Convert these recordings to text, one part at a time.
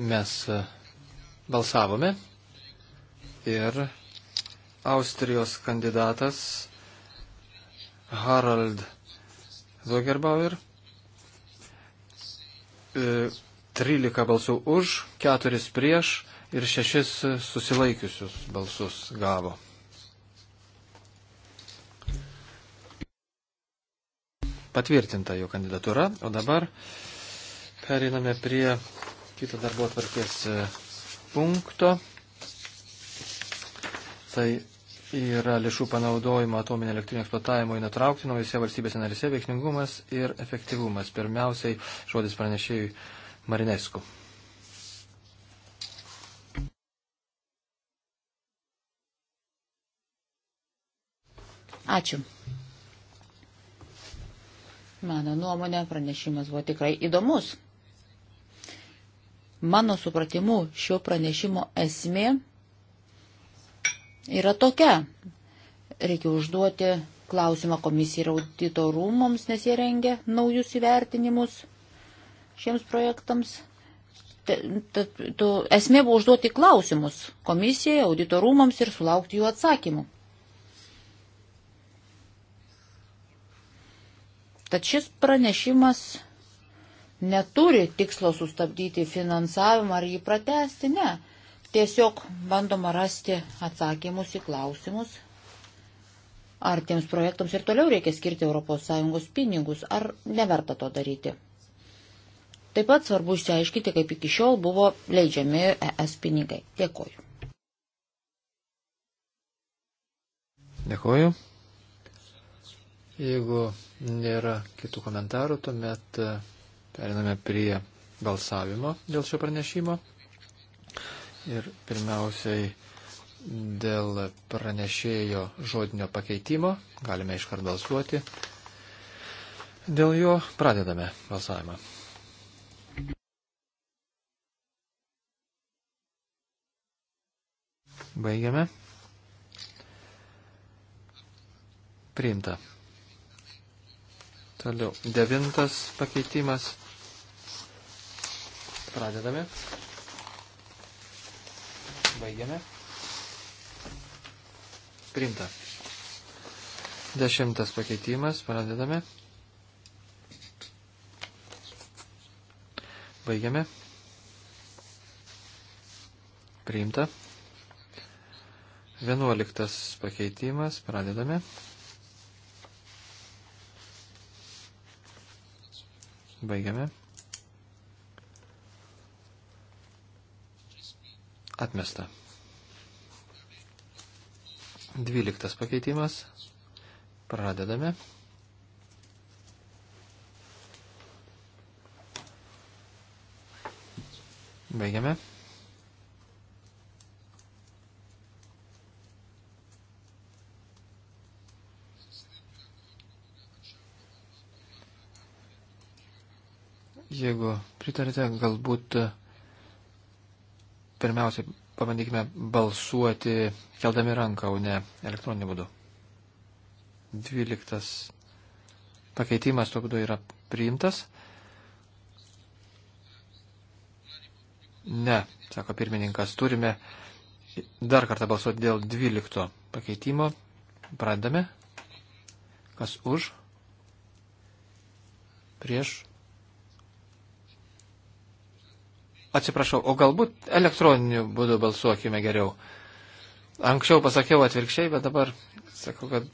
Mes e, balsavome ir Austrijos kandidatas Harald Zogerbauer 13 e, balsų už, 4 prieš ir 6 susilaikiusius balsus gavo. Patvirtinta jo kandidatūra, o dabar periname prie kito darbo atvarkės e, punkto. Tai yra lėšų panaudojimo atominio elektrinio eksploatavimo įnatraukti naujose valstybėse narise veiksmingumas ir efektyvumas. Pirmiausiai žodis pranešėjui Marinesku. Ačiū. Mano nuomonė, pranešimas buvo tikrai įdomus. Mano supratimu, šio pranešimo esmė yra tokia. Reikia užduoti klausimą komisijai ir audito rūmoms, nes jie rengia naujus įvertinimus šiems projektams. Esmė buvo užduoti klausimus komisijai, audito rūmams ir sulaukti jų atsakymų. Tad šis pranešimas neturi tikslo sustabdyti finansavimą ar jį pratesti, ne. Tiesiog bandoma rasti atsakymus į klausimus, ar tiems projektams ir toliau reikia skirti ES pinigus, ar neverta to daryti. Taip pat svarbu išsiaiškinti, kaip iki šiol buvo leidžiami ES pinigai. Dėkoju. Dėkoju. Jeigu nėra kitų komentarų, tuomet Periname prie balsavimo dėl šio pranešimo. Ir pirmiausiai dėl pranešėjo žodinio pakeitimo galime iškart balsuoti. Dėl jo pradedame balsavimą. Baigiame. Priimta. Toliau. Devintas pakeitimas. Pradedame. Baigiame. Primta. Dešimtas pakeitimas. Pradedame. Baigiame. Priimta. Vienuoliktas pakeitimas. Pradedame. Pradedame. Baigiame. Atmesta. Dvyliktas pakeitimas. Pradedame. Baigiame. pritarėte, galbūt pirmiausia pabandykime balsuoti keldami ranką, o ne elektroniniu būdu. Dvyliktas pakeitimas tuo būdu yra priimtas. Ne, sako pirmininkas, turime dar kartą balsuoti dėl dvylikto pakeitimo. Pradame. Kas už? Prieš atsiprašau, o galbūt elektroniniu būdu balsuokime geriau. Anksčiau pasakiau atvirkščiai, bet dabar sakau, kad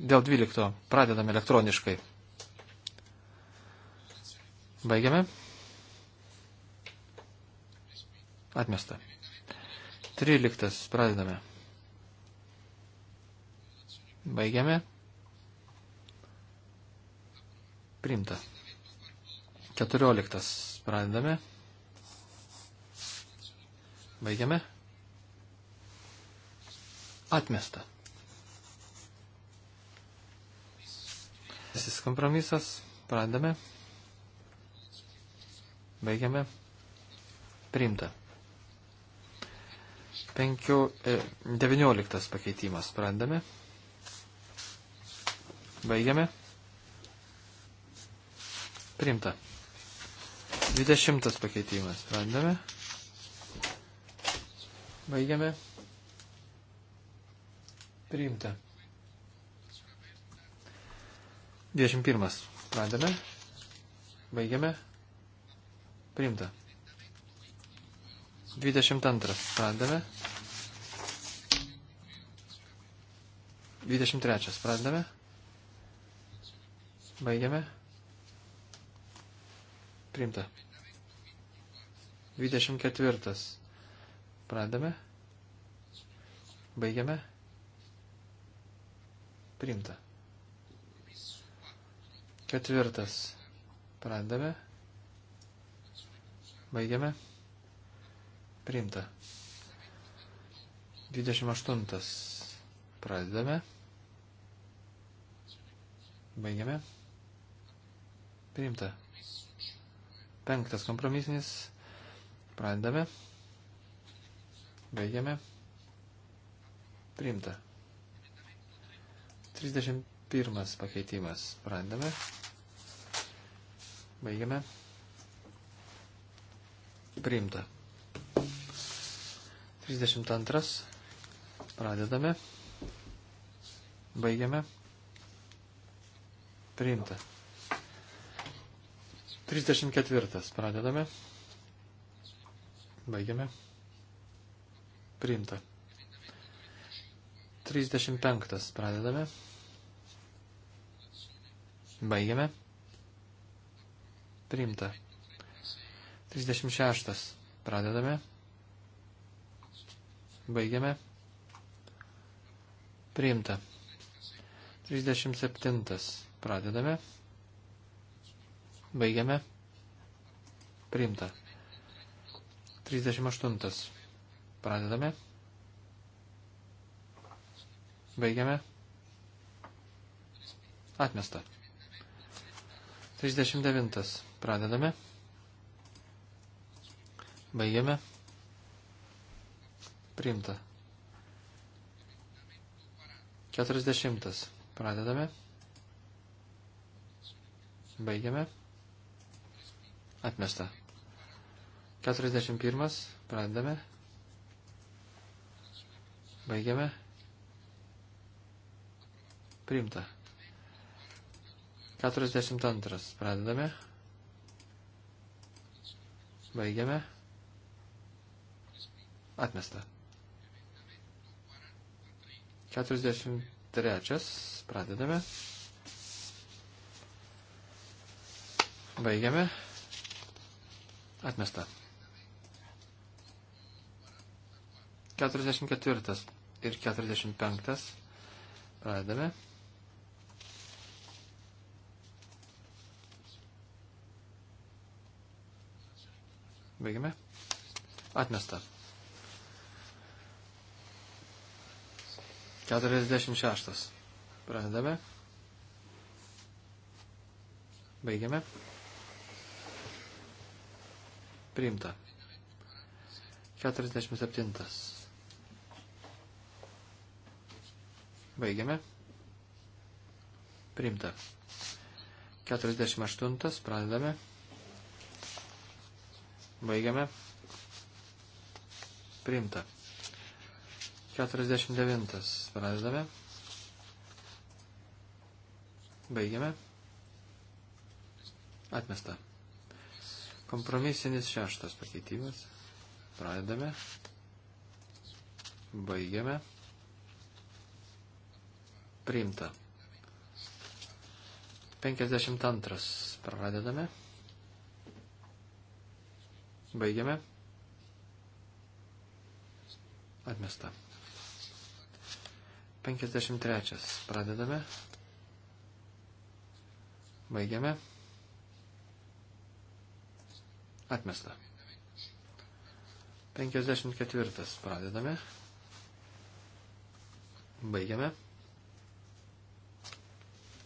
dėl 12 pradedam elektroniškai. Baigiame. Atmesta. 13 pradedame. Baigiame. Primta. 14 pradedame. Baigiame. Atmesta. Šis kompromisas. Pradame. Baigiame. Priimta. 5, 19 e, pakeitimas. Pradame. Baigiame. Priimta. 20 pakeitimas. Pradame. Baigiame. Priimta. 21. Pradame. Baigiame. Priimta. 22. Pradame. 23. Pradame. Baigiame. Priimta. 24. Pradame. Baigiame. Primta. Ketvirtas. Pradame. Baigiame. Primta. 28. Pradedame. Baigiame. Priimta. Penktas kompromisinis. Pradedame. Baigiame. Priimta. 31 pakeitimas. Pradame. Baigiame. Priimta. 32. Pradedame. Baigiame. Priimta. 34. Pradedame. Baigiame. Priimta. 35. Pradedame. Baigiame. Priimta. 36. Pradedame. Baigiame. Priimta. 37. Pradedame. Baigiame. Priimta. 38. Pradedame. Baigiame. Atmesta. 39. Pradedame. Baigiame. Priimta. 40. Pradedame. Baigiame. Atmesta. 41. Pradedame. Baigiame. Primta. 42. Pradedame. Baigiame. Atmesta. 43. Pradedame. Baigiame. Atmesta. 44 ir 45. Pradedame. Baigiame. Atmesta. 46. Pradedame. Baigiame. Priimta. 47. Baigiame. Primta. 48. Pradedame. Baigiame. Primta. 49. Pradedame. Baigiame. Atmesta. Kompromisinis šeštas pakeitimas. Pradedame. Baigiame priimta. 52 pradedame. Baigiame. Atmesta. 53 pradedame. Baigiame. Atmesta. 54 pradedame. Baigiame.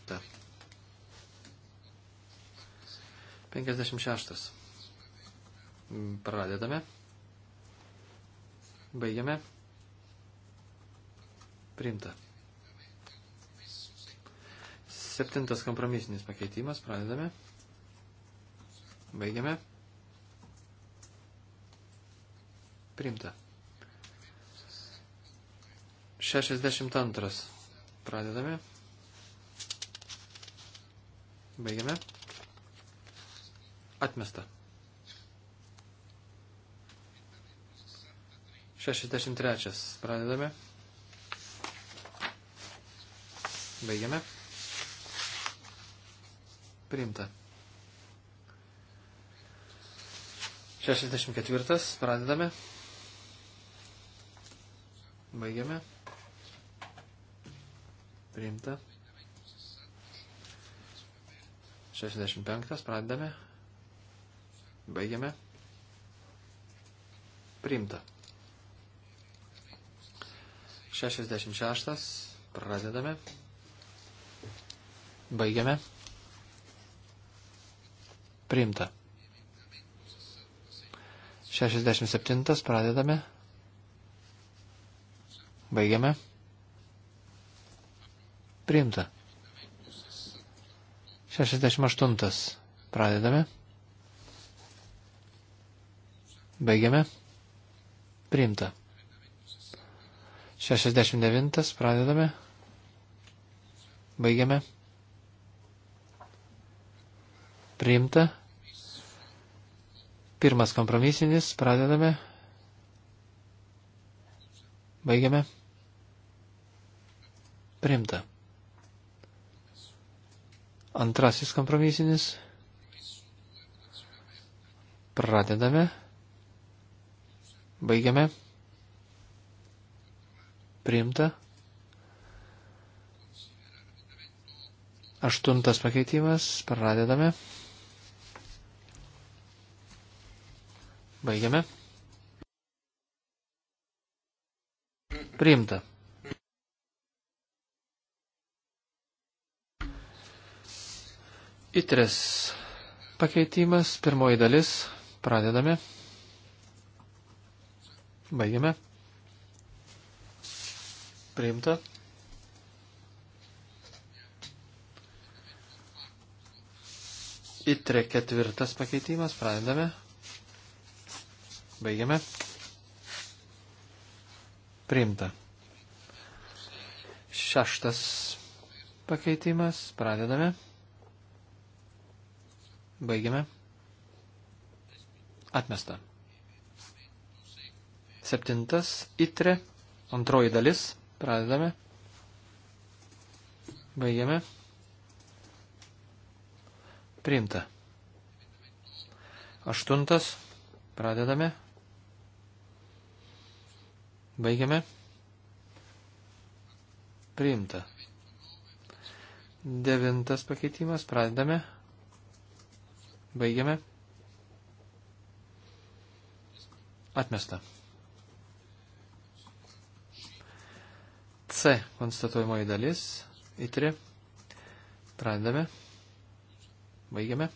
Atmesta. 56. Pradedame. Baigiame. Primta. Septintas kompromisinis pakeitimas. Pradedame. Baigiame. Primta. 62. Pradedame. Baigiame. Atmesta. 63. Pradedame. Baigiame. Priimta. 64. Pradedame. Baigiame. Priimta. 65 pradedame. Baigiame. Priimta. 66 pradedame. Baigiame. Priimta. 67 pradedame. Baigiame. Priimta. 68. Pradedame. Baigiame. Priimta. 69. Pradedame. Baigiame. Priimta. Pirmas kompromisinis. Pradedame. Baigiame. Priimta. Antrasis kompromisinis. Pradedame. Baigiame. Priimta. Aštuntas pakeitimas. Pradedame. Baigiame. Priimta. Itres pakeitimas, pirmoji dalis, pradedame. Baigiame. Priimta. Itre ketvirtas pakeitimas, pradedame. Baigiame. Priimta. Šeštas pakeitimas, pradedame. Baigiame. Atmesta. Septintas itre, antroji dalis, pradedame. Baigiame. Priimta. Aštuntas, pradedame. Baigiame. Priimta. Devintas pakeitimas, pradedame. Baigiame. Atmesta. C konstatuojamoji dalis. Įtri. Pradedame. Baigiame.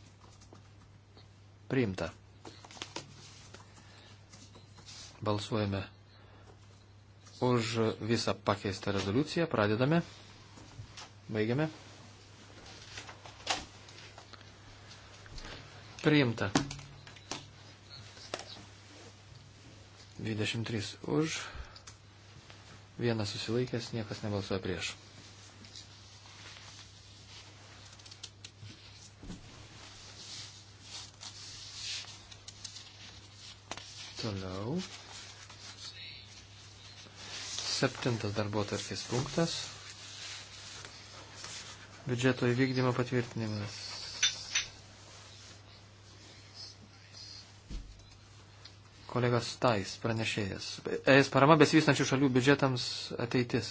Priimta. Balsuojame už visą pakeistą rezoliuciją. Pradedame. Baigiame. Priimta. 23 už. Vienas susilaikęs, niekas nebalsuoja prieš. Toliau. Septintas darbo tarkis punktas. Biudžeto įvykdymo patvirtinimas. kolegas Tais, pranešėjas. ES parama besivystančių šalių biudžetams ateitis.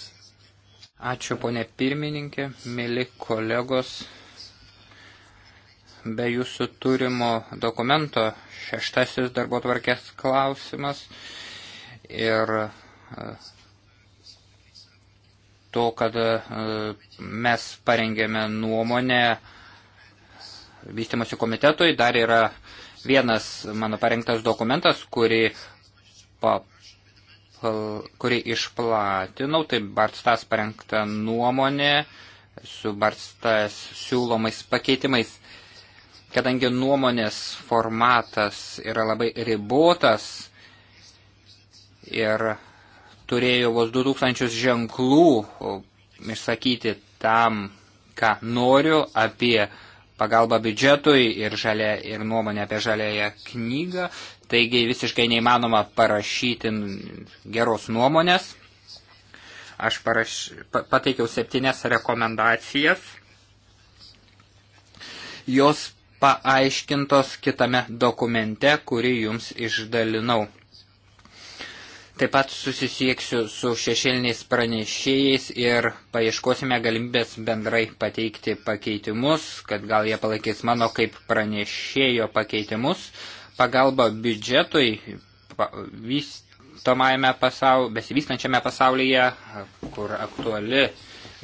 Ačiū, ponė pirmininkė, mėly kolegos. Be jūsų turimo dokumento šeštasis darbo tvarkės klausimas ir e, to, kad e, mes parengėme nuomonę vystimosi komitetui, dar yra vienas mano parengtas dokumentas, kurį, pa, kurį išplatinau, tai Bartstas parengta nuomonė su Bartstas siūlomais pakeitimais. Kadangi nuomonės formatas yra labai ribotas ir turėjo vos 2000 ženklų išsakyti tam, ką noriu apie uh, pagalba biudžetui ir, žalia, ir nuomonė apie žalėją knygą, taigi visiškai neįmanoma parašyti geros nuomonės. Aš paraš, pateikiau septynes rekomendacijas. Jos paaiškintos kitame dokumente, kurį jums išdalinau. Taip pat susisieksiu su šešėliniais pranešėjais ir paieškosime galimybės bendrai pateikti pakeitimus, kad gal jie palaikys mano kaip pranešėjo pakeitimus. Pagalba biudžetui vystomajame pasaulyje, besivystančiame pasaulyje, kur aktuali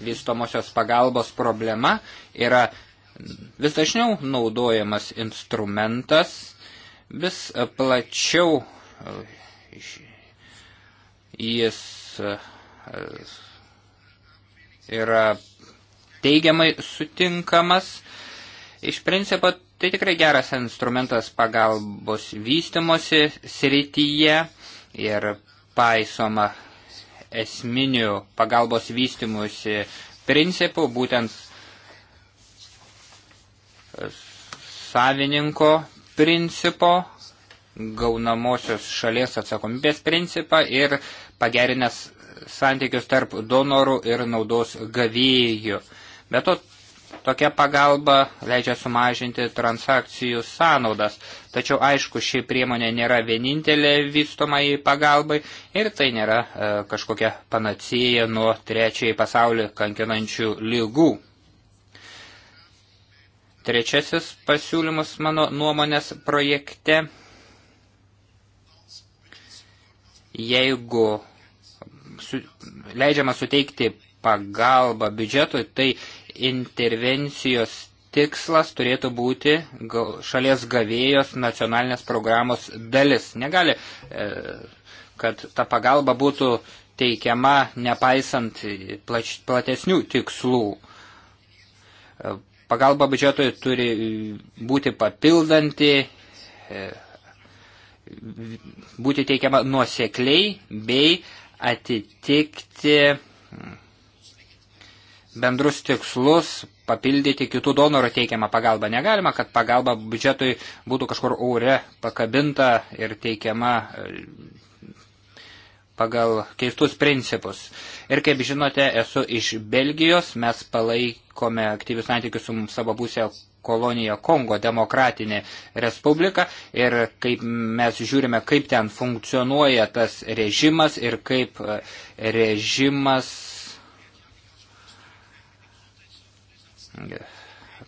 vystomosios pagalbos problema, yra vis dažniau naudojamas instrumentas, vis plačiau e, Jis e, yra teigiamai sutinkamas. Iš principo, tai tikrai geras instrumentas pagalbos vystimosi srityje ir paisoma esminių pagalbos vystimusi principų, būtent savininko principo, gaunamosios šalies atsakomybės principą ir uh, pagerinęs santykius tarp donorų ir naudos gavėjų. Be to, tokia pagalba leidžia sumažinti transakcijų sąnaudas. Tačiau aišku, ši priemonė nėra vienintelė vystomai pagalbai ir tai nėra e, kažkokia panacėja nuo trečiai pasaulį kankinančių lygų. Trečiasis pasiūlymus mano nuomonės projekte. Jeigu su, leidžiama suteikti pagalbą biudžetui, tai intervencijos tikslas turėtų būti šalies gavėjos nacionalinės programos dalis. Negali, e, kad ta pagalba būtų teikiama nepaisant plač, platesnių tikslų. E, pagalba biudžetui turi būti papildanti, e, būti teikiama nuosekliai bei atitikti bendrus tikslus, papildyti kitų donorų teikiamą pagalbą. Negalima, kad pagalba biudžetui būtų kažkur ore pakabinta ir teikiama e, pagal keistus principus. Ir kaip žinote, esu iš Belgijos, mes palaikome aktyvius santykius su savo pusė kolonija Kongo demokratinė respublika ir kaip mes žiūrime, kaip ten funkcionuoja tas režimas ir kaip e, režimas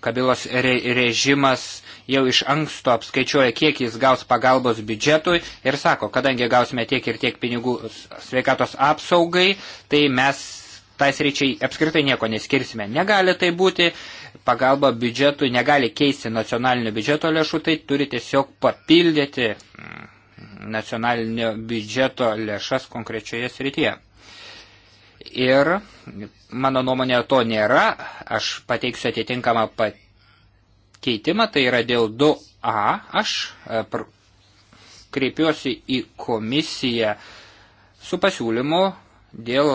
Kabilos re režimas jau iš anksto apskaičiuoja, kiek jis gaus pagalbos biudžetui ir sako, kadangi gausime tiek ir tiek pinigų sveikatos apsaugai, tai mes tais reičiai apskritai nieko neskirsime. Negali tai būti, pagalba biudžetui negali keisti nacionalinio biudžeto lėšų, tai turi tiesiog papildyti nacionalinio biudžeto lėšas konkrečioje srityje. Ir mano nuomonė to nėra, aš pateiksiu atitinkamą pakeitimą, tai yra dėl 2A, aš e, kreipiuosi į komisiją su pasiūlymu dėl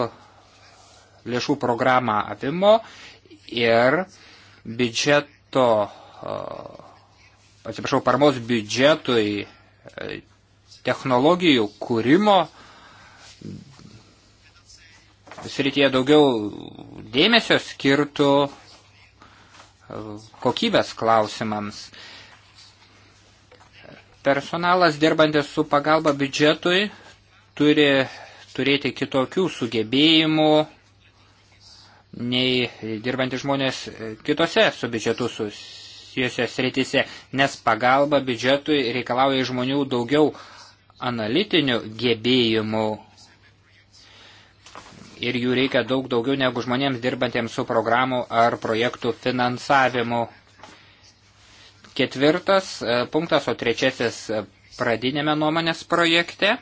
lėšų programą apimo ir biudžeto, atsiprašau, paramos biudžetui e, technologijų kūrimo srityje daugiau dėmesio skirtų e, kokybės klausimams. Personalas dirbantis su pagalba biudžetui turi turėti kitokių sugebėjimų, nei dirbantys žmonės e, kitose su biudžetu susijusios rytise, nes pagalba biudžetui reikalauja žmonių daugiau analitinių gebėjimų ir jų reikia daug daugiau negu žmonėms dirbantiems su programų ar projektų finansavimu. Ketvirtas e, punktas, o trečiasis e, pradinėme nuomonės projekte –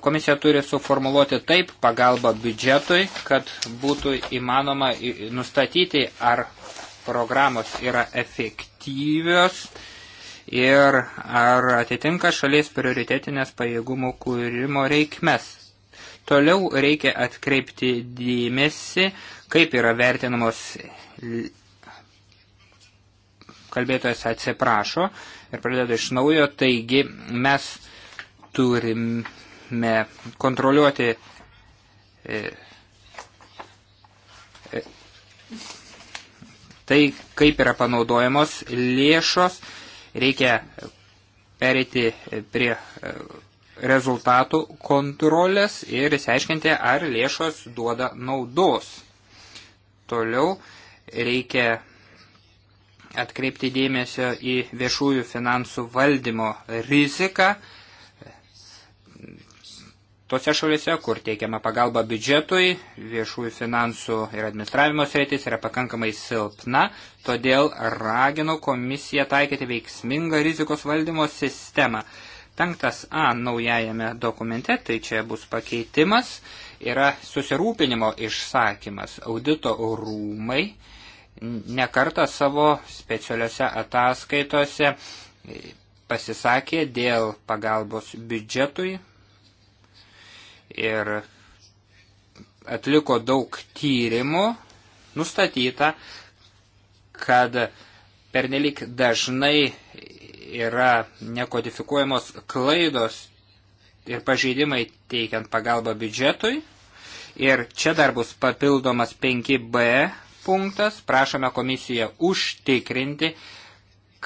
Komisija turi suformuluoti taip pagalbą biudžetui, kad būtų įmanoma nustatyti, ar programos yra efektyvios ir ar atitinka šalies prioritetinės pajėgumų kūrimo reikmes. Toliau reikia atkreipti dėmesį, kaip yra vertinamos kalbėtojas atsiprašo ir pradeda iš naujo, taigi mes turim galime kontroliuoti e, e, tai, kaip yra panaudojamos lėšos, reikia perėti prie e, rezultatų kontrolės ir įsiaiškinti, ar lėšos duoda naudos. Toliau reikia atkreipti dėmesio į viešųjų finansų valdymo riziką, tose šalise, kur teikiama pagalba biudžetui, viešųjų finansų ir administravimo sritis yra pakankamai silpna, todėl ragino komisiją taikyti veiksmingą rizikos valdymo sistemą. Penktas A naujajame dokumente, tai čia bus pakeitimas, yra susirūpinimo išsakymas. Audito rūmai nekarta savo specialiuose ataskaitose pasisakė dėl pagalbos biudžetui ir atliko daug tyrimų, nustatyta, kad pernelik dažnai yra nekodifikuojamos klaidos ir pažeidimai teikiant pagalbą biudžetui. Ir čia dar bus papildomas 5b punktas, prašome komisiją užtikrinti,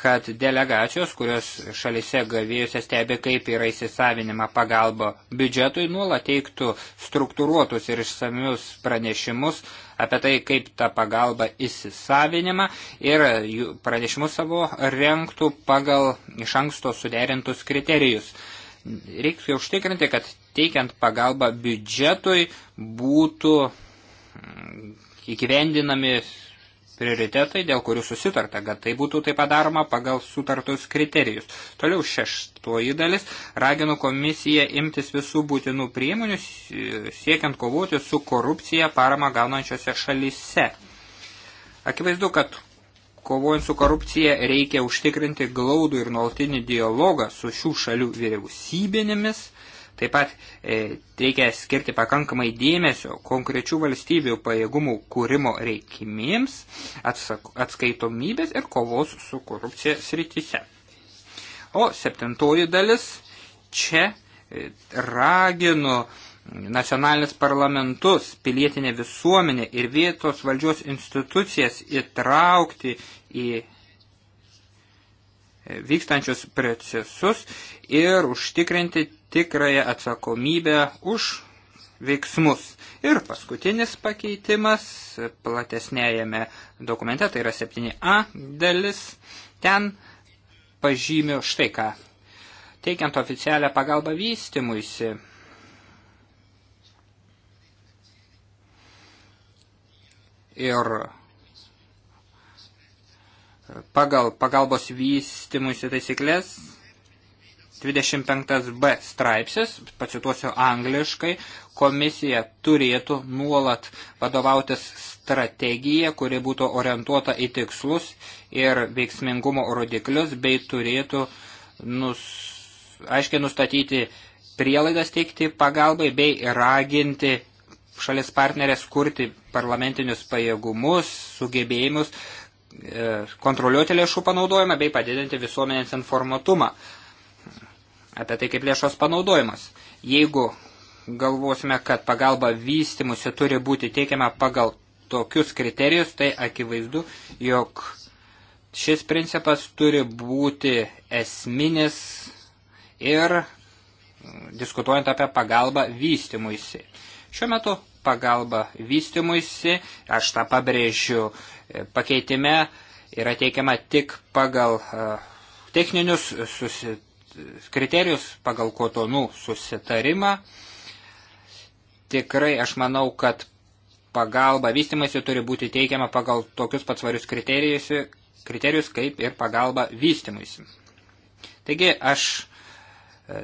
kad delegacijos, kurios šalise gavėjose stebi, kaip yra įsisavinima pagalba biudžetui, nuolat teiktų struktūruotus ir išsamius pranešimus apie tai, kaip ta pagalba įsisavinima ir pranešimus savo renktų pagal iš anksto suderintus kriterijus. Reiktų užtikrinti, kad teikiant pagalbą biudžetui būtų mm, įgyvendinami prioritetai, dėl kurių susitarta, kad tai būtų tai padaroma pagal sutartus kriterijus. Toliau šeštoji dalis raginu komisiją imtis visų būtinų priemonių siekiant kovoti su korupcija parama gaunančiose šalyse. Akivaizdu, kad kovojant su korupcija reikia užtikrinti glaudų ir nuolatinį dialogą su šių šalių vyriausybinėmis Taip pat e, reikia skirti pakankamai dėmesio konkrečių valstybių pajėgumų kūrimo reikimėms, atsak, atskaitomybės ir kovos su korupcija srityse. O septintoji dalis čia e, raginu nacionalinis parlamentus, pilietinė visuomenė ir vietos valdžios institucijas įtraukti į e, vykstančius procesus ir užtikrinti tikrąją atsakomybę už veiksmus. Ir paskutinis pakeitimas platesnėjame dokumente, tai yra 7a dalis, ten pažymiu štai ką. Teikiant oficialią pagalbą vystimuisi, ir pagal pagalbos vystimuisi taisyklės 25b straipsnis, pacituosiu angliškai, komisija turėtų nuolat vadovautis strategija, kuri būtų orientuota į tikslus ir veiksmingumo rodiklius, bei turėtų nus, aiškiai nustatyti prielaidas teikti pagalbai, bei raginti šalis partnerės kurti parlamentinius pajėgumus, sugebėjimus, e, kontroliuoti lėšų panaudojimą bei padidinti visuomenės informatumą apie tai, kaip lėšos panaudojimas. Jeigu galvosime, kad pagalba vystimusi turi būti teikiama pagal tokius kriterijus, tai akivaizdu, jog šis principas turi būti esminis ir mm, diskutuojant apie pagalbą vystimuisi. Šiuo metu pagalba vystimuisi, aš tą pabrėžiu e, pakeitime, yra teikiama tik pagal e, techninius susitikimus kriterijus pagal kotonų susitarimą. Tikrai aš manau, kad pagalba vystimasi turi būti teikiama pagal tokius pats svarius kriterijus, kriterijus kaip ir pagalba vystimuisi. Taigi aš e,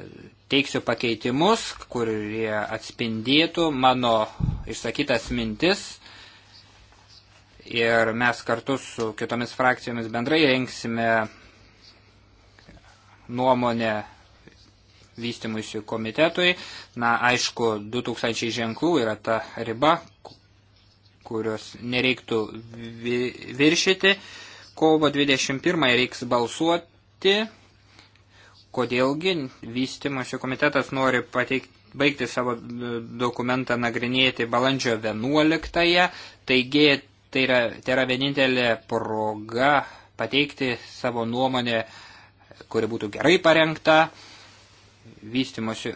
teiksiu pakeitimus, kurie atspindėtų mano išsakytas mintis ir mes kartu su kitomis frakcijomis bendrai rengsime nuomonę vystimusi komitetui. Na, aišku, 2000 ženklų yra ta riba, kurios nereiktų viršyti. Kovo 21 reiks balsuoti, kodėlgi vystimusi komitetas nori pateikti baigti savo e, dokumentą nagrinėti balandžio 11-ąją, taigi tai yra, tai yra vienintelė proga pateikti savo nuomonę uh, kuri būtų gerai parengta vystimosi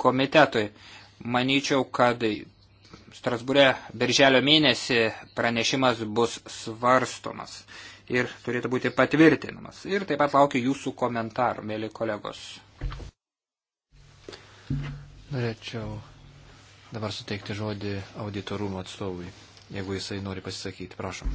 komitetui. Manyčiau, kad Strasbūre birželio mėnesį pranešimas bus svarstomas ir turėtų būti patvirtinamas. Ir taip pat laukiu jūsų komentarų, mėly kolegos. Norėčiau dabar suteikti žodį auditorumo atstovui, jeigu jisai nori pasisakyti. Prašom.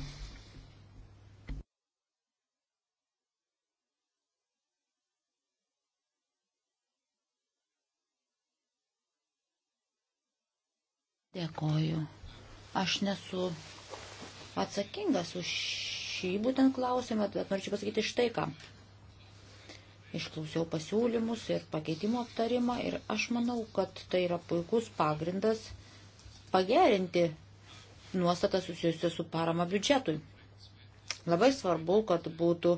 Dėkoju. Aš nesu atsakingas už šį būtent klausimą, bet norėčiau pasakyti štai ką. Išklausiau pasiūlymus ir pakeitimo aptarimą ir aš manau, kad tai yra puikus pagrindas pagerinti nuostatą susijusią su parama biudžetui. Labai svarbu, kad būtų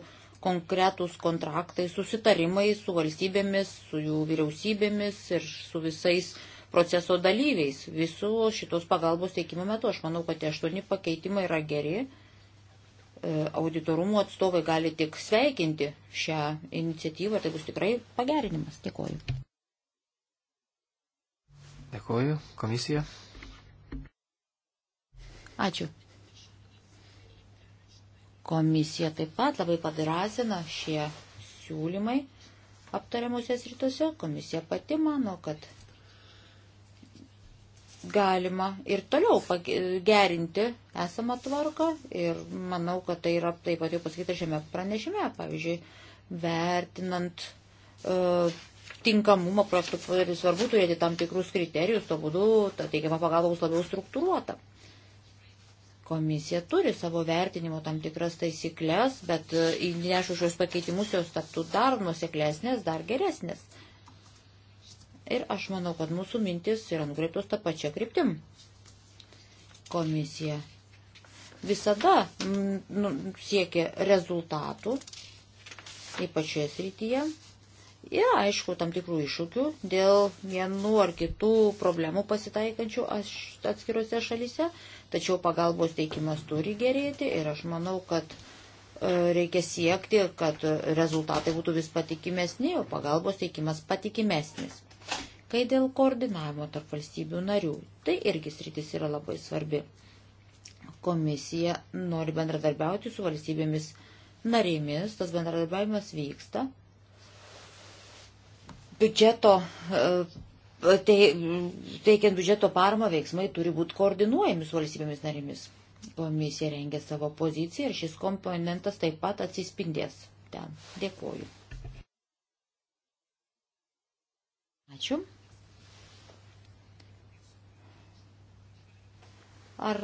konkretūs kontraktai, susitarimai su valstybėmis, su jų vyriausybėmis ir su visais uh, proceso dalyviais visų šitos pagalbos teikimo metu. Aš manau, kad tie aštuoni pakeitimai yra geri. E, auditorumų atstovai gali tik sveikinti šią iniciatyvą ir tai bus tikrai pagerinimas. Dėkoju. Dėkoju. Komisija. Ačiū. Komisija taip pat labai padrasina šie siūlymai aptariamuose rytuose. Komisija pati mano, kad galima ir toliau gerinti esamą tvarką ir manau, kad tai yra taip pat jau pasakyta šiame pranešime, pavyzdžiui, vertinant uh, tinkamumą projektų, ir svarbu turėti tam tikrus kriterijus, to būdu ta teikiama pagalba bus labiau struktūruota. Komisija turi savo vertinimo tam tikras taisyklės, bet e, įnešus šios pakeitimus jos taptų dar nuseklesnės, dar geresnės. Uh, Ir aš manau, kad mūsų mintis yra nukreiptos tą pačią kryptim. Komisija visada mm, nu, siekia rezultatų, ypač šioje srityje. Yra, aišku, tam tikrų iššūkių dėl vienų ar kitų problemų pasitaikančių atskiruose šalyse, tačiau pagalbos teikimas turi gerėti ir aš manau, kad e, reikia siekti, kad rezultatai būtų vis patikimesni, o pagalbos teikimas patikimesnis. Kai dėl koordinavimo tarp valstybių narių, tai irgi sritis yra labai svarbi. Komisija nori bendradarbiauti su valstybėmis narėmis, tas bendradarbiavimas vyksta. Biudžeto e, teikiant biudžeto parmą veiksmai turi būti koordinuojami su valstybėmis narimis. Komisija rengia savo poziciją ir šis komponentas taip pat atsispindės ten. Dėkuoju. Ačiū. Ar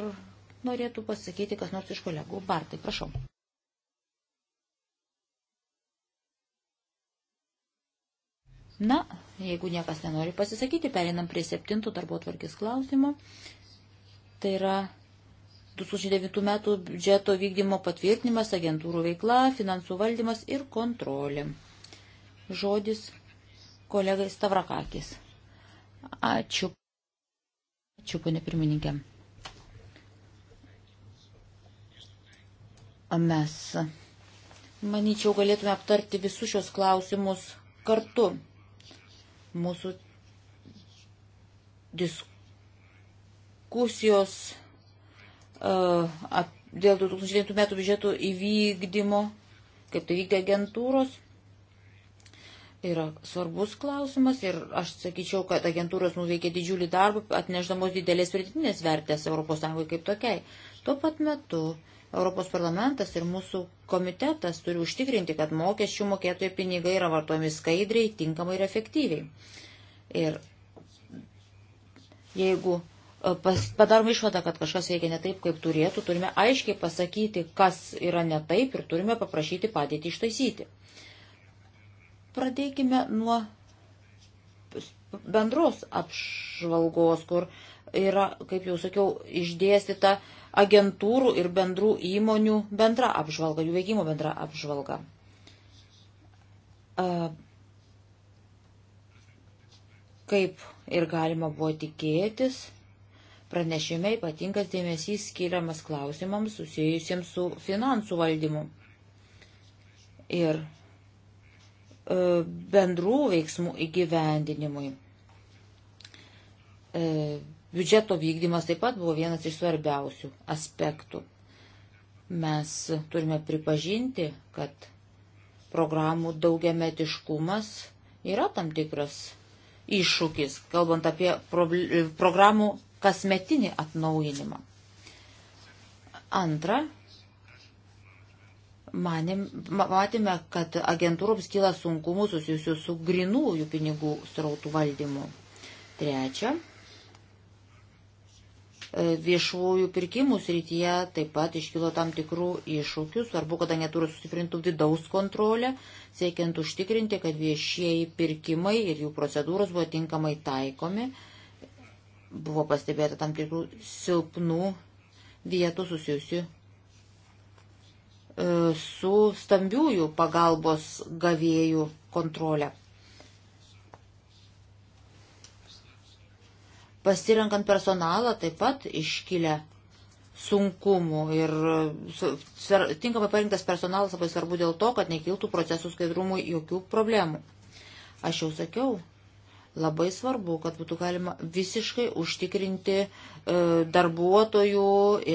norėtų pasakyti kas nors iš kolegų? Bartai, prašau. Na, jeigu niekas nenori pasisakyti, pereinam prie septinto darbo tvarkės klausimo. Tai yra 2009 metų biudžeto vykdymo patvirtinimas, agentūrų veikla, finansų valdymas ir kontrolė. Žodis kolegai Stavrakakis. Ačiū. Ačiū, ponė pirmininkė. mes, manyčiau, galėtume aptarti visus šios klausimus kartu. Mūsų diskusijos uh, ap, dėl 2009 metų biudžeto įvykdymo, kaip tai vykdė agentūros, yra svarbus klausimas ir aš sakyčiau, kad agentūros nuveikė didžiulį darbą, atneždamos didelės pridėtinės vertės ES kaip tokiai. Tuo pat metu Europos parlamentas ir mūsų komitetas turi užtikrinti, kad mokesčių mokėtojų pinigai yra vartojami skaidriai, tinkamai ir efektyviai. Ir jeigu e, padarom išvadą, kad kažkas veikia ne taip, kaip turėtų, turime aiškiai pasakyti, kas yra ne taip ir turime paprašyti padėti ištaisyti. Pradėkime nuo bendros apžvalgos, kur yra, kaip jau sakiau, išdėstyta agentūrų ir bendrų įmonių bendra apžvalga, jų veikimo bendra apžvalga. Kaip ir galima buvo tikėtis, pranešime ypatingas dėmesys skiriamas klausimams susijusiems su finansų valdymu ir e, bendrų veiksmų įgyvendinimui e, Biudžeto vykdymas taip pat buvo vienas iš svarbiausių aspektų. Mes turime pripažinti, kad programų daugiametiškumas yra tam tikras iššūkis, kalbant apie programų kasmetinį atnaujinimą. Antra, manėm, matėme, kad agentūroms kyla sunkumų susijusių su grinųjų pinigų srautų valdymu. Trečia, E, viešųjų pirkimų srityje taip pat iškilo tam tikrų iššūkių, svarbu, kada neturi sustiprintų vidaus kontrolę, siekiant užtikrinti, kad viešieji pirkimai ir jų procedūros buvo tinkamai taikomi. Buvo pastebėta tam tikrų silpnų vietų susijusių e, su stambiųjų pagalbos gavėjų kontrolę. Pasirenkant personalą taip pat iškilę sunkumų ir e, tinkamai parinktas personalas labai svarbu dėl to, kad nekiltų procesų skaidrumui jokių problemų. Aš jau sakiau, labai svarbu, kad būtų galima visiškai užtikrinti e, darbuotojų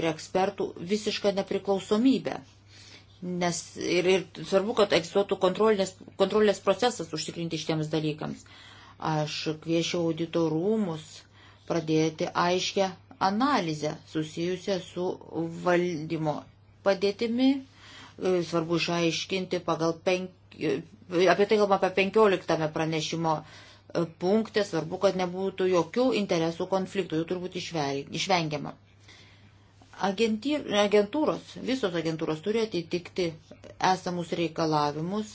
ir ekspertų visišką nepriklausomybę. Nes ir, ir svarbu, kad egzistuotų kontrolės, kontrolės procesas užtikrinti šitiems dalykams. Aš kviešiau auditorumus pradėti aiškę analizę susijusią su valdymo padėtimi. E, svarbu išaiškinti pagal penki, e, apie tai kalbama apie 15 pranešimo e, punktė, svarbu, kad nebūtų jokių interesų konfliktų, jų turbūt išvengiama. Agentyr, agentūros, visos agentūros turi atitikti esamus reikalavimus.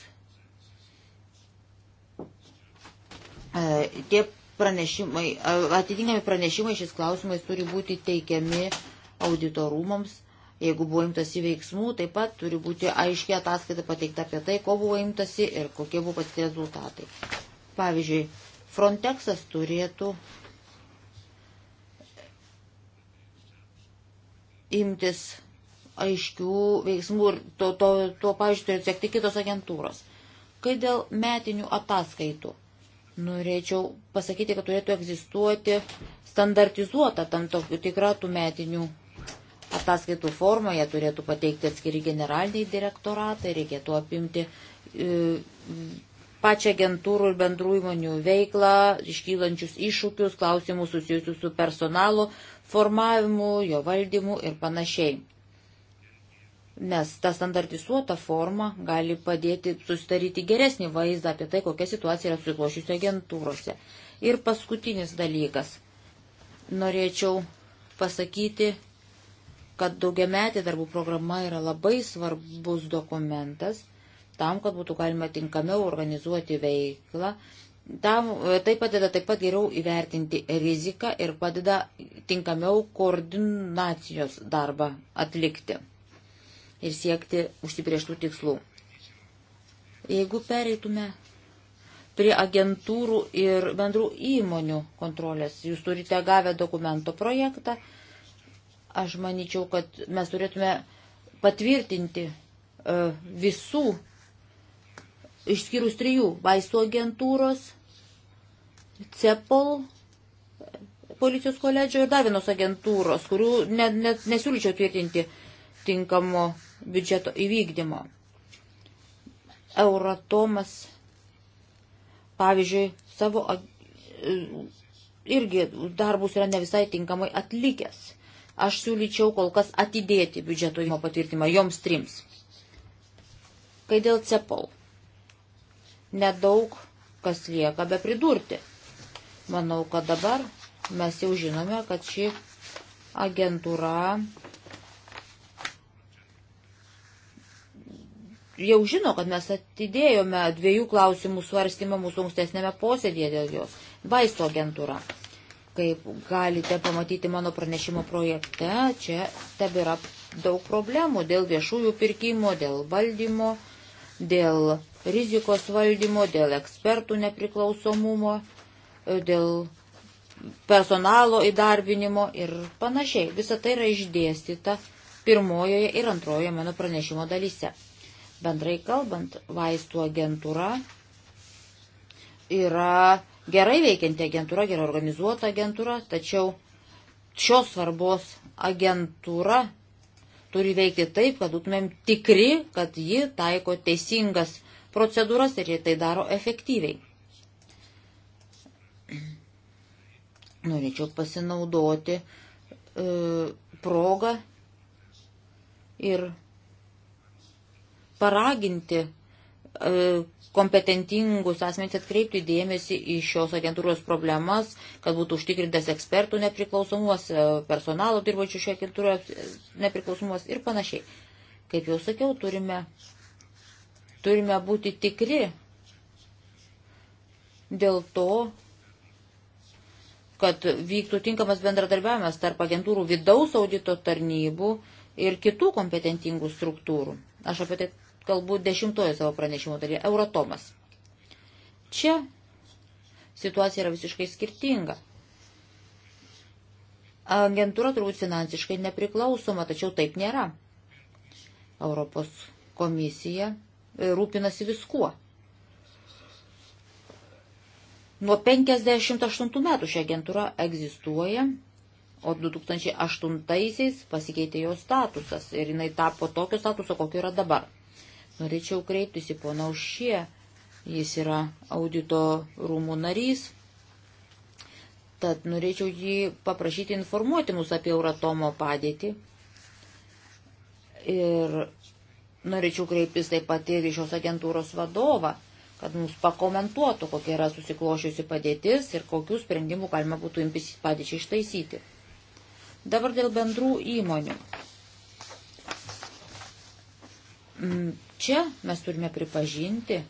E, tie pranešimai, atitinkami pranešimai šis klausimais turi būti teikiami auditorumams. Jeigu buvo imtasi veiksmų, taip pat turi būti aiškiai ataskaita pateikta apie tai, ko buvo imtasi ir kokie buvo pati rezultatai. Pavyzdžiui, Frontexas turėtų imtis aiškių veiksmų ir to, to, to pavyzdžiui, turėtų siekti kitos agentūros. Kai dėl metinių ataskaitų Norėčiau pasakyti, kad turėtų egzistuoti standartizuota tam tokių tikrą tų metinių ataskaitų formą, jie turėtų pateikti atskiri generaliniai direktoratai, reikėtų apimti e, pačią agentūrų ir bendrų įmonių veiklą, iškylančius iššūkius, klausimus susijusius su personalu, formavimu, jo valdymu ir panašiai nes ta standartizuota forma gali padėti susidaryti geresnį vaizdą apie tai, kokia situacija yra susiklošiusi agentūrose. Ir paskutinis dalykas. Norėčiau pasakyti, kad daugiametė darbų programa yra labai svarbus dokumentas tam, kad būtų galima tinkamiau organizuoti veiklą. Tam, tai padeda taip pat geriau įvertinti riziką ir padeda tinkamiau koordinacijos darbą atlikti ir siekti užsiprieštų tikslų. Jeigu pereitume prie agentūrų ir bendrų įmonių kontrolės, jūs turite gavę dokumento projektą, aš manyčiau, kad mes turėtume patvirtinti e, visų, išskyrus trijų, vaistų agentūros, CEPOL, policijos koledžio ir dar vienos agentūros, kurių net, net nesiūlyčiau tvirtinti tinkamo biudžeto įvykdymo. Euratomas, pavyzdžiui, savo e, irgi darbus yra ne visai tinkamai atlikęs. Aš siūlyčiau kol kas atidėti biudžeto įmo patvirtimą joms trims. Kai dėl cepol. Nedaug kas lieka be pridurti. Manau, kad dabar mes jau žinome, kad ši agentūra jau žino, kad mes atidėjome dviejų klausimų svarstymą mūsų ankstesnėme posėdėje dėl jos. Vaisto agentūra. Kaip galite pamatyti mano pranešimo projekte, čia tebėra daug problemų dėl viešųjų pirkimo, dėl valdymo, dėl rizikos valdymo, dėl ekspertų nepriklausomumo, dėl personalo įdarbinimo ir panašiai. Visa tai yra išdėstyta pirmojoje ir antrojoje mano pranešimo dalyse. Bendrai kalbant, vaistų agentūra yra gerai veikianti agentūra, gerai organizuota agentūra, tačiau šios svarbos agentūra turi veikti taip, kad būtumėm tikri, kad ji taiko teisingas procedūras ir jie tai daro efektyviai. Norėčiau pasinaudoti e, progą ir paraginti e, kompetentingus asmenys atkreipti dėmesį į šios agentūros problemas, kad būtų užtikrintas ekspertų nepriklausomumas, e, personalo dirbančių šioje agentūroje nepriklausomumas ir panašiai. Kaip jau sakiau, turime, turime būti tikri dėl to, kad vyktų tinkamas bendradarbiavimas tarp agentūrų vidaus audito tarnybų ir kitų kompetentingų struktūrų. Aš apie tai galbūt dešimtojo savo pranešimo dalyje, Euratomas. Čia situacija yra visiškai skirtinga. Agentūra turbūt finansiškai nepriklausoma, tačiau taip nėra. Europos komisija e, rūpinasi viskuo. Nuo 58 metų ši agentūra egzistuoja, o 2008-aisiais pasikeitė jos statusas ir jinai tapo tokio statuso, kokio yra dabar. Norėčiau kreiptis į poną Ušie, jis yra audito rūmų narys, tad norėčiau jį paprašyti informuoti mus apie Euratomo padėtį. Ir norėčiau kreiptis taip pat ir į šios agentūros vadovą, kad mums pakomentuotų, kokia yra susiklošiusi padėtis ir kokių sprendimų galima būtų imtis padėčiai ištaisyti. Dabar dėl bendrų įmonių. Mm, Čia mes turime pripažinti,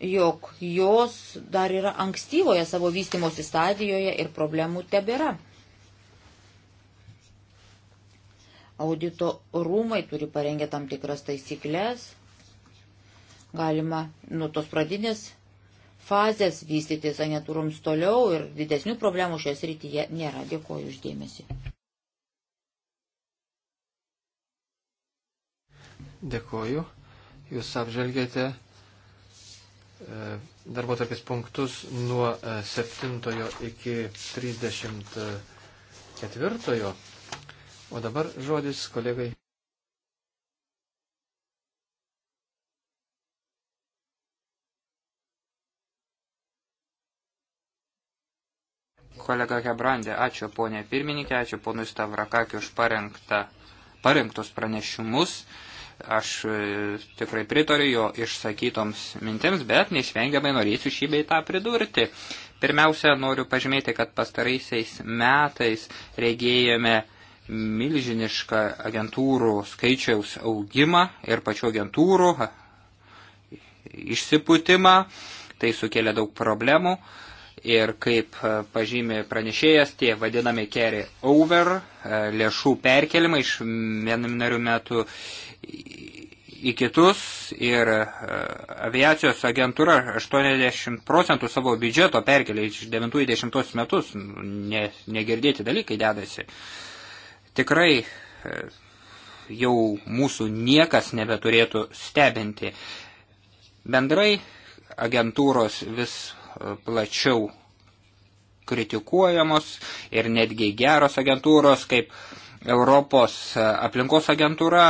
jog jos dar yra ankstyvoje savo vystimosi stadijoje ir problemų tebėra. Audito rūmai turi parengę tam tikras taisyklės. Galima nuo tos pradinės fazės vystytis agentūroms toliau ir didesnių problemų šioje srityje nėra. Dėkuoju uždėmesi. Dėkoju. Jūs apžvelgėte e, darbo tarkis punktus nuo 7 e, iki 34. O dabar žodis kolegai. Kolega Hebrandė, ačiū ponė pirmininkė, ačiū ponui Stavrakakiu už parengtą, parengtus pranešimus. Aš e, tikrai pritariu jo išsakytoms mintims, bet neišvengiamai norėsiu šį bei tą pridurti. Pirmiausia, noriu pažymėti, kad pastaraisiais metais regėjome milžinišką agentūrų skaičiaus augimą ir pačių agentūrų išsiputimą. Tai sukėlė daug problemų. Uh, ir kaip e, pažymė pranešėjas, tie vadinami carry over, e, lėšų perkelimai iš vienamnarių metų į kitus ir e, aviacijos agentūra 80 procentų savo biudžeto perkelia iš 90 metus, ne, negirdėti dalykai dedasi. Tikrai jau mūsų niekas nebeturėtų stebinti. Bendrai agentūros vis plačiau kritikuojamos ir netgi geros agentūros, kaip Europos aplinkos agentūra,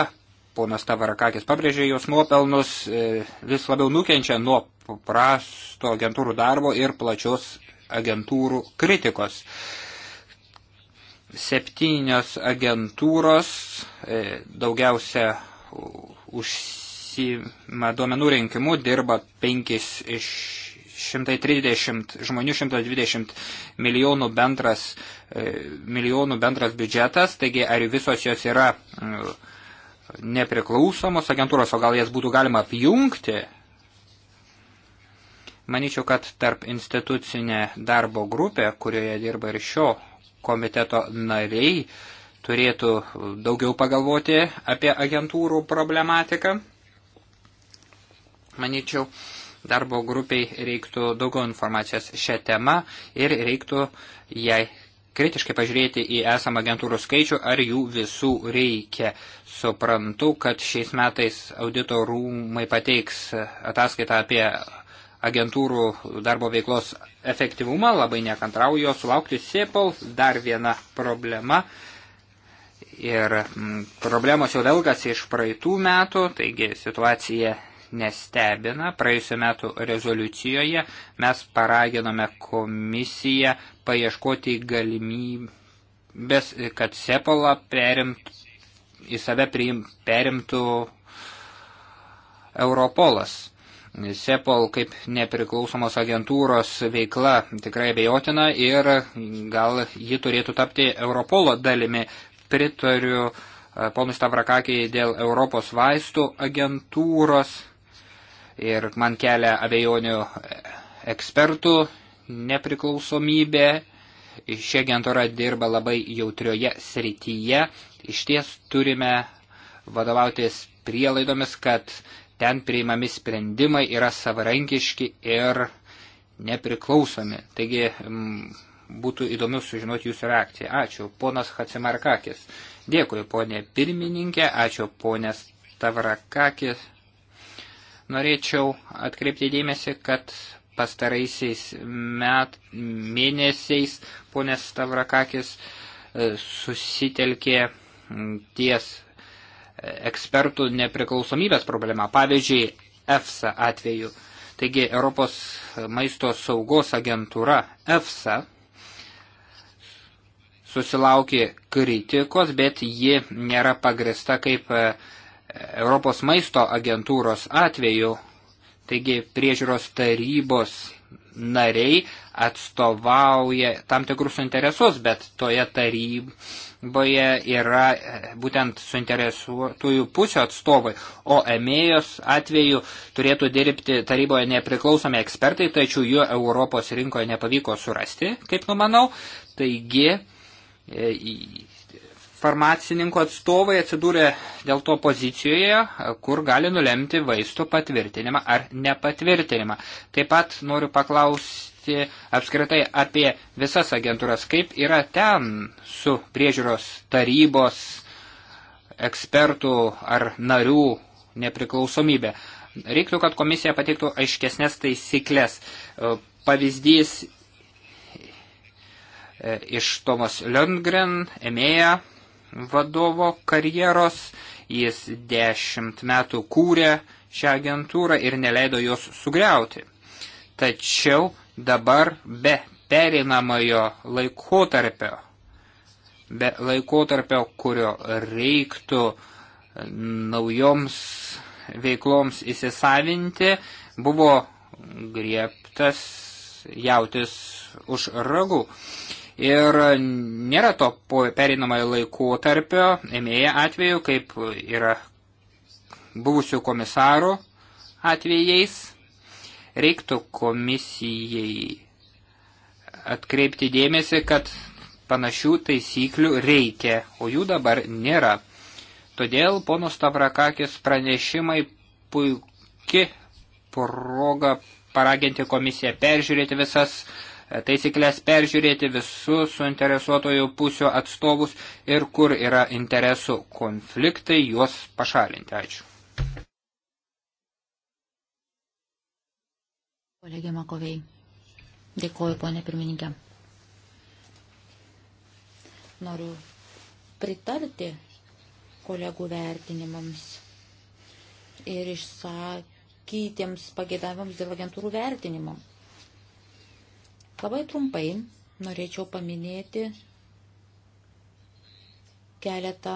ponas Tavarakakis pabrėžė jos nuopelnus, e, vis labiau nukenčia nuo prasto agentūrų darbo ir plačios agentūrų kritikos. Septynios agentūros e, daugiausia užsima duomenų rinkimu, dirba penkis iš 130 žmonių, 120 milijonų bendras, e, milijonų bendras biudžetas, taigi ar visos jos yra mm, nepriklausomos agentūros, o gal jas būtų galima apjungti? Manyčiau, kad tarp institucinė darbo grupė, kurioje dirba ir šio komiteto nariai, turėtų daugiau pagalvoti apie agentūrų problematiką. Manyčiau, darbo grupiai reiktų daugiau informacijos šią temą ir reiktų jai kritiškai pažiūrėti į esamą agentūrų skaičių, ar jų visų reikia. Suprantu, kad šiais metais audito rūmai pateiks ataskaitą apie agentūrų darbo veiklos efektyvumą, labai nekantrauju jo sulaukti. Sėpal dar viena problema. Ir mm, problemos jau velgas iš praeitų metų, taigi situacija nestebina. Praėjusiu metu rezoliucijoje mes paraginome komisiją paieškoti galimybės, kad Sepola perimt, į save priim, perimtų Europolas. Sepol kaip nepriklausomos agentūros veikla tikrai bejotina ir gal ji turėtų tapti Europolo dalimi. Pritariu e, ponui Stavrakakiai dėl Europos vaistų agentūros ir man kelia abejonių ekspertų nepriklausomybė. Ši agentūra dirba labai jautrioje srityje. Iš ties turime vadovautis prielaidomis, kad ten priimami sprendimai yra savarankiški ir nepriklausomi. Taigi m, būtų įdomu sužinoti jūsų reakciją. Ačiū, ponas Hatsimarkakis. Dėkui, ponė pirmininkė, ačiū, ponės Tavrakakis Norėčiau atkreipti dėmesį, kad pastaraisiais met, mėnesiais ponės Stavrakakis e, susitelkė ties e, ekspertų nepriklausomybės problema. Pavyzdžiui, EFSA atveju. Taigi Europos maisto saugos agentūra EFSA susilaukė kritikos, bet ji nėra pagrista kaip uh, Europos maisto agentūros atveju, taigi priežiūros tarybos nariai atstovauja tam tikrus interesus, bet toje taryboje yra e, būtent suinteresuotųjų pusių atstovai, o emėjos atveju turėtų dirbti taryboje nepriklausomi ekspertai, tačiau jų Europos rinkoje nepavyko surasti, kaip numanau, taigi e, farmacininko atstovai atsidūrė dėl to pozicijoje, kur gali nulemti vaistų patvirtinimą ar nepatvirtinimą. Taip pat noriu paklausti apskritai apie visas agentūras, kaip yra ten su priežiūros tarybos ekspertų ar narių nepriklausomybė. Reiktų, kad komisija pateiktų aiškesnės taisyklės. Pavyzdys e, iš Tomas Lundgren, EMEA vadovo karjeros. Jis dešimt metų kūrė šią agentūrą ir neleido jos sugriauti. Tačiau dabar be perinamojo laikotarpio, be laikotarpio, kurio reiktų naujoms veikloms įsisavinti, buvo griebtas jautis už ragų ir nėra to pereinamojo laikotarpio, emėja atveju, kaip yra buvusių komisarų atvejais. Reiktų komisijai atkreipti dėmesį, kad panašių taisyklių reikia, o jų dabar nėra. Todėl ponus Stavrakakis pranešimai puikiai proga paraginti komisiją peržiūrėti visas uh, taisyklės peržiūrėti visus suinteresuotojų pusių atstovus ir kur yra interesų konfliktai, juos pašalinti. Ačiū. Kolegė Makovei, dėkoju, ponė pirmininkė. Noriu pritarti kolegų vertinimams ir išsakytiems pagėdavimams dėl agentūrų vertinimo. Labai trumpai norėčiau paminėti keletą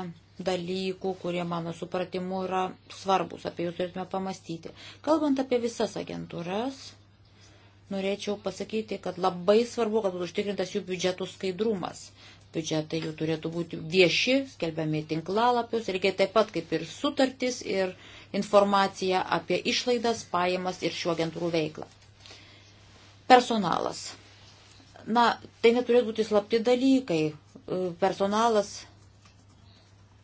dalykų, kurie mano supratimu yra svarbus, apie jūs turėtume pamastyti. Kalbant apie visas agentūras, norėčiau pasakyti, kad labai svarbu, kad būtų užtikrintas jų biudžetų skaidrumas. Biudžetai jų turėtų būti vieši, skelbiami tinklalapius, reikia taip pat kaip ir sutartis ir informacija apie išlaidas, pajamas ir šių agentūrų veiklą. Personalas. Na, tai neturėtų būti slapti dalykai. E, personalas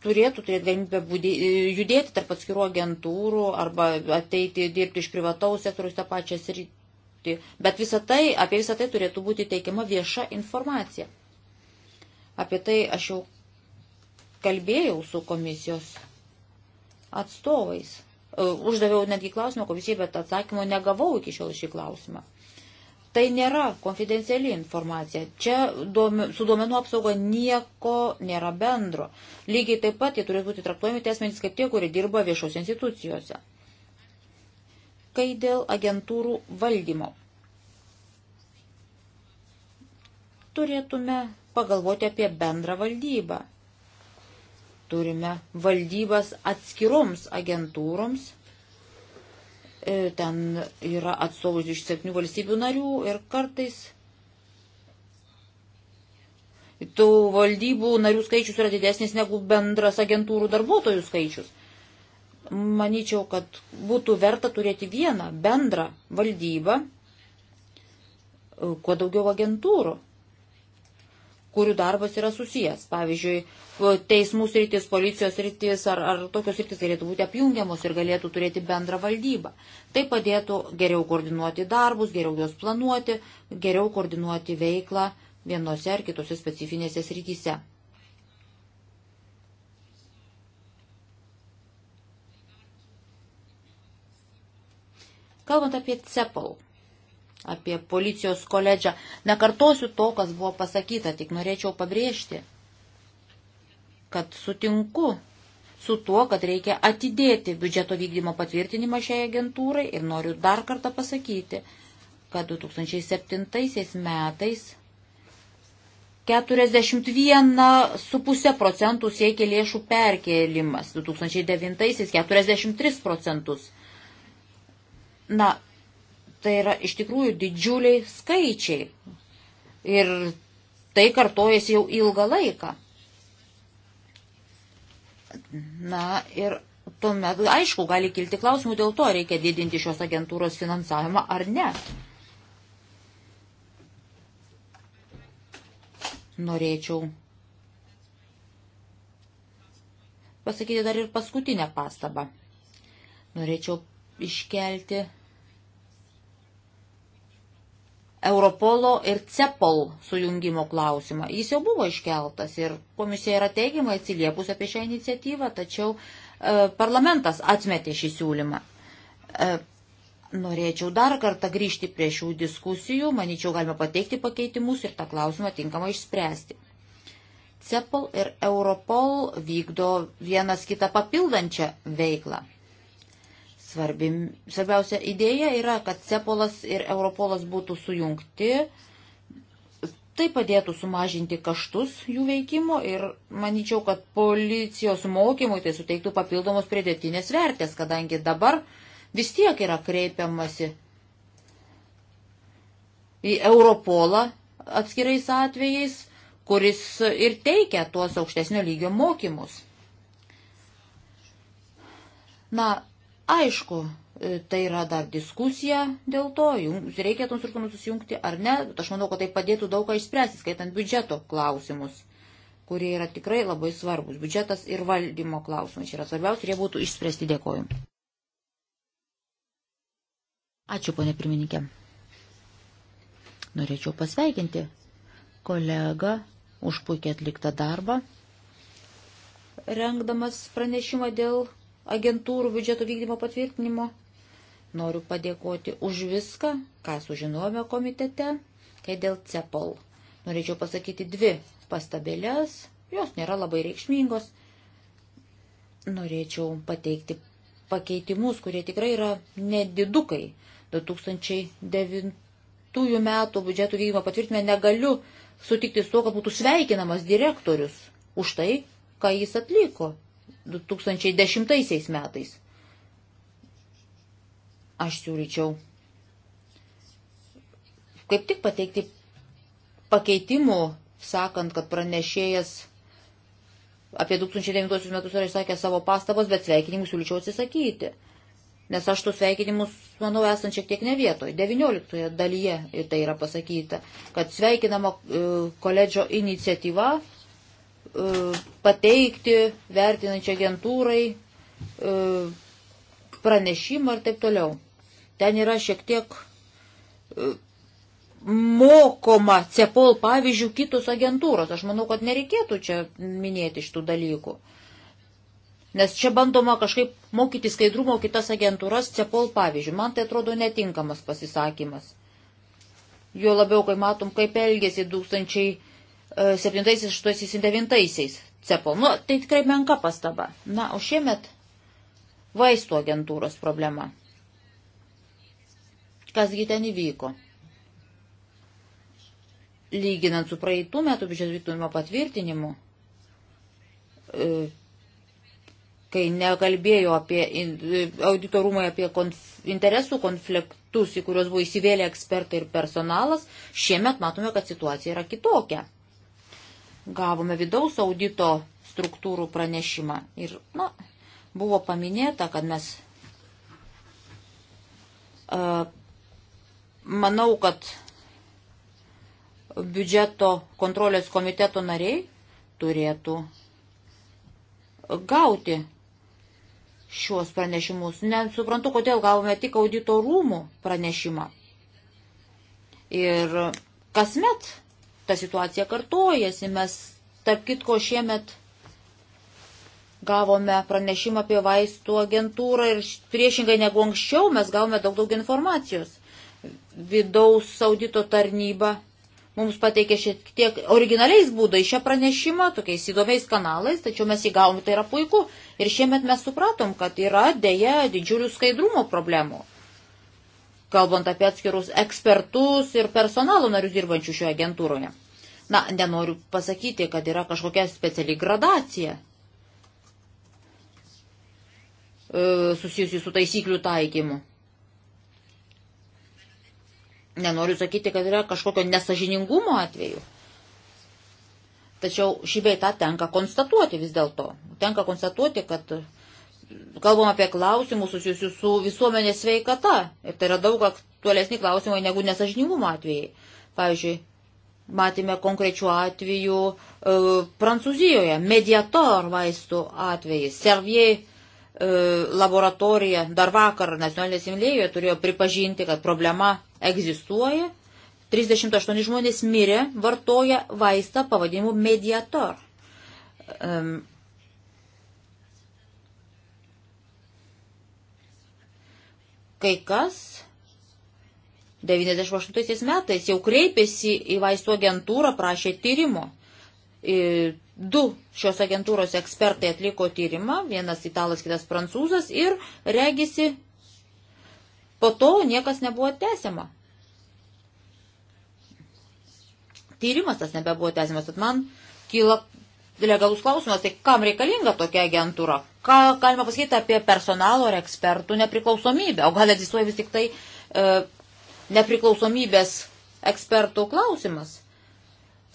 turėtų turėti galimybę e, judėti tarp atskirų agentūrų arba ateiti dirbti iš privataus sektoriaus tą pačią sritį. Bet visą tai, apie visą tai turėtų būti teikiama vieša informacija. Apie tai aš jau kalbėjau su komisijos atstovais. E, uždaviau netgi klausimą komisijai, bet atsakymo negavau iki šiol šį klausimą. Tai nėra konfidenciali informacija. Čia duome, su duomenų apsauga nieko nėra bendro. Lygiai taip pat jie turės būti traktuojami tiesmenys kaip tie, kurie dirba viešos institucijose. Kai dėl agentūrų valdymo. Turėtume pagalvoti apie bendrą valdybą. Turime valdybas atskiroms agentūroms Ten yra atstovų iš septynių valstybių narių ir kartais tų valdybų narių skaičius yra didesnis negu bendras agentūrų darbuotojų skaičius. Manyčiau, kad būtų verta turėti vieną bendrą valdybą, kuo daugiau agentūrų kurių darbas yra susijęs. Pavyzdžiui, teismų sritis, policijos sritis ar, ar tokios sritis galėtų būti apjungiamos ir galėtų turėti bendrą valdybą. Tai padėtų geriau koordinuoti darbus, geriau juos planuoti, geriau koordinuoti veiklą vienose ar kitose specifinėse srityse. Kalbant apie CEPAL, apie policijos koledžą. Nekartosiu to, kas buvo pasakyta, tik norėčiau pabrėžti, kad sutinku su tuo, kad reikia atidėti biudžeto vykdymo patvirtinimą šiai agentūrai ir noriu dar kartą pasakyti, kad 2007 metais 41,5 procentų siekia lėšų perkėlimas, 2009 43 procentus. Na, Tai yra iš tikrųjų didžiuliai skaičiai. Ir tai kartojasi jau ilgą laiką. Na ir tuomet, aišku, gali kilti klausimų dėl to, reikia didinti šios agentūros finansavimą ar ne. Norėčiau pasakyti dar ir paskutinę pastabą. Norėčiau iškelti Europolo ir CEPOL sujungimo klausimą. Jis jau buvo iškeltas ir komisija yra teigiamai atsiliepus apie šią iniciatyvą, tačiau e, parlamentas atmetė šį siūlymą. E, norėčiau dar kartą grįžti prie šių diskusijų, manyčiau galime pateikti pakeitimus ir tą klausimą tinkamai išspręsti. CEPOL ir Europol vykdo vienas kitą papildančią veiklą. Svarbi, svarbiausia idėja yra, kad Cepolas ir Europolas būtų sujungti. Tai padėtų sumažinti kaštus jų veikimo ir manyčiau, kad policijos mokymui tai suteiktų papildomos pridėtinės vertės, kadangi dabar vis tiek yra kreipiamasi į Europolą atskirais atvejais, kuris ir teikia tuos aukštesnio lygio mokymus. Na, Aišku, e, tai yra dar diskusija dėl to, jums reikia toms organus susijungti ar ne. Aš manau, kad tai padėtų daug ką išspręsti, skaitant biudžeto klausimus, kurie yra tikrai labai svarbus. Biudžetas ir valdymo klausimai čia yra svarbiausia ir jie būtų išspręsti. Dėkoju. Ačiū, ponė pirmininkė. Norėčiau pasveikinti kolegą už puikiai atliktą darbą, rengdamas pranešimą dėl agentūrų biudžeto vykdymo patvirtinimo. Noriu padėkoti už viską, ką sužinojome komitete, kai dėl CEPOL. Norėčiau pasakyti dvi pastabėlės, jos nėra labai reikšmingos. Norėčiau pateikti pakeitimus, kurie tikrai yra nedidukai. 2009 metų biudžeto vykdymo patvirtinime negaliu sutikti su to, kad būtų sveikinamas direktorius už tai, ką jis atliko. 2010 metais. Aš siūlyčiau kaip tik pateikti pakeitimų, sakant, kad pranešėjas apie 2009 metus yra išsakę savo pastabas, bet sveikinimus siūlyčiau atsisakyti. Nes aš tų sveikinimus, manau, esant šiek tiek ne vietoj. 19 dalyje tai yra pasakyta, kad sveikinama e, koledžo iniciatyva E, pateikti vertinančiai agentūrai e, pranešimą ir taip toliau. Ten yra šiek tiek e, mokoma CEPOL pavyzdžių kitos agentūros. Aš manau, kad nereikėtų čia minėti šitų dalykų. Nes čia bandoma kažkaip mokyti skaidrumo kitas agentūras CEPOL pavyzdžių. Man tai atrodo netinkamas pasisakymas. Jo labiau, kai matom, kaip elgėsi 2000 7-8-9 cepo. Nu, tai tikrai menka pastaba. Na, o šiemet vaistų agentūros problema. Kasgi ten įvyko? Lyginant su praeitų metų biudžeto vykdymo patvirtinimu, e, kai nekalbėjo apie e, auditorumai apie konf, interesų konfliktus, į kuriuos buvo įsivėlę ekspertai ir personalas, šiemet matome, kad situacija yra kitokia. Gavome vidaus audito struktūrų pranešimą ir na, buvo paminėta, kad mes. Uh, manau, kad biudžeto kontrolės komiteto nariai turėtų gauti šiuos pranešimus. Nesuprantu, kodėl gavome tik audito rūmų pranešimą. Ir kasmet ta situacija kartojasi. Mes, tarp kitko, šiemet gavome pranešimą apie vaistų agentūrą ir priešingai negu anksčiau mes gavome daug daug informacijos. Vidaus audito tarnyba mums pateikė šiek tiek originaliais būdais šią pranešimą, tokiais įdomiais kanalais, tačiau mes jį gavome, tai yra puiku. Ir šiemet mes supratom, kad yra dėja didžiulių skaidrumo problemų kalbant apie atskirus ekspertus ir personalo narius dirbančių šioje agentūroje. Na, nenoriu pasakyti, kad yra kažkokia speciali gradacija e, susijusi su taisyklių taikymu. Nenoriu sakyti, kad yra kažkokio nesažiningumo atveju. Tačiau šį beitą tenka konstatuoti vis dėlto. Tenka konstatuoti, kad kalbam apie klausimus susijusius su visuomenės sveikata. Ir tai yra daug aktualesni klausimai negu nesažiningumo atvejai. Pavyzdžiui, matėme konkrečių atvejų e, Prancūzijoje, mediator vaistų atvejai, servijai e, laboratorija dar vakar nacionalinė asimlėjoje turėjo pripažinti, kad problema egzistuoja. 38 žmonės mirė vartoja vaistą pavadinimu mediator. E, Kai kas 98 metais jau kreipėsi į vaistų agentūrą, prašė tyrimo. E, du šios agentūros ekspertai atliko tyrimą, vienas italas, kitas prancūzas ir regisi, po to niekas nebuvo tęsiama. Tyrimas tas nebebuvo tęsiamas, tad man kyla legalus klausimas, tai kam reikalinga tokia agentūra? ką galima pasakyti apie personalo ar ekspertų nepriklausomybę? O gal egzistuoja vis tik tai e, nepriklausomybės ekspertų klausimas?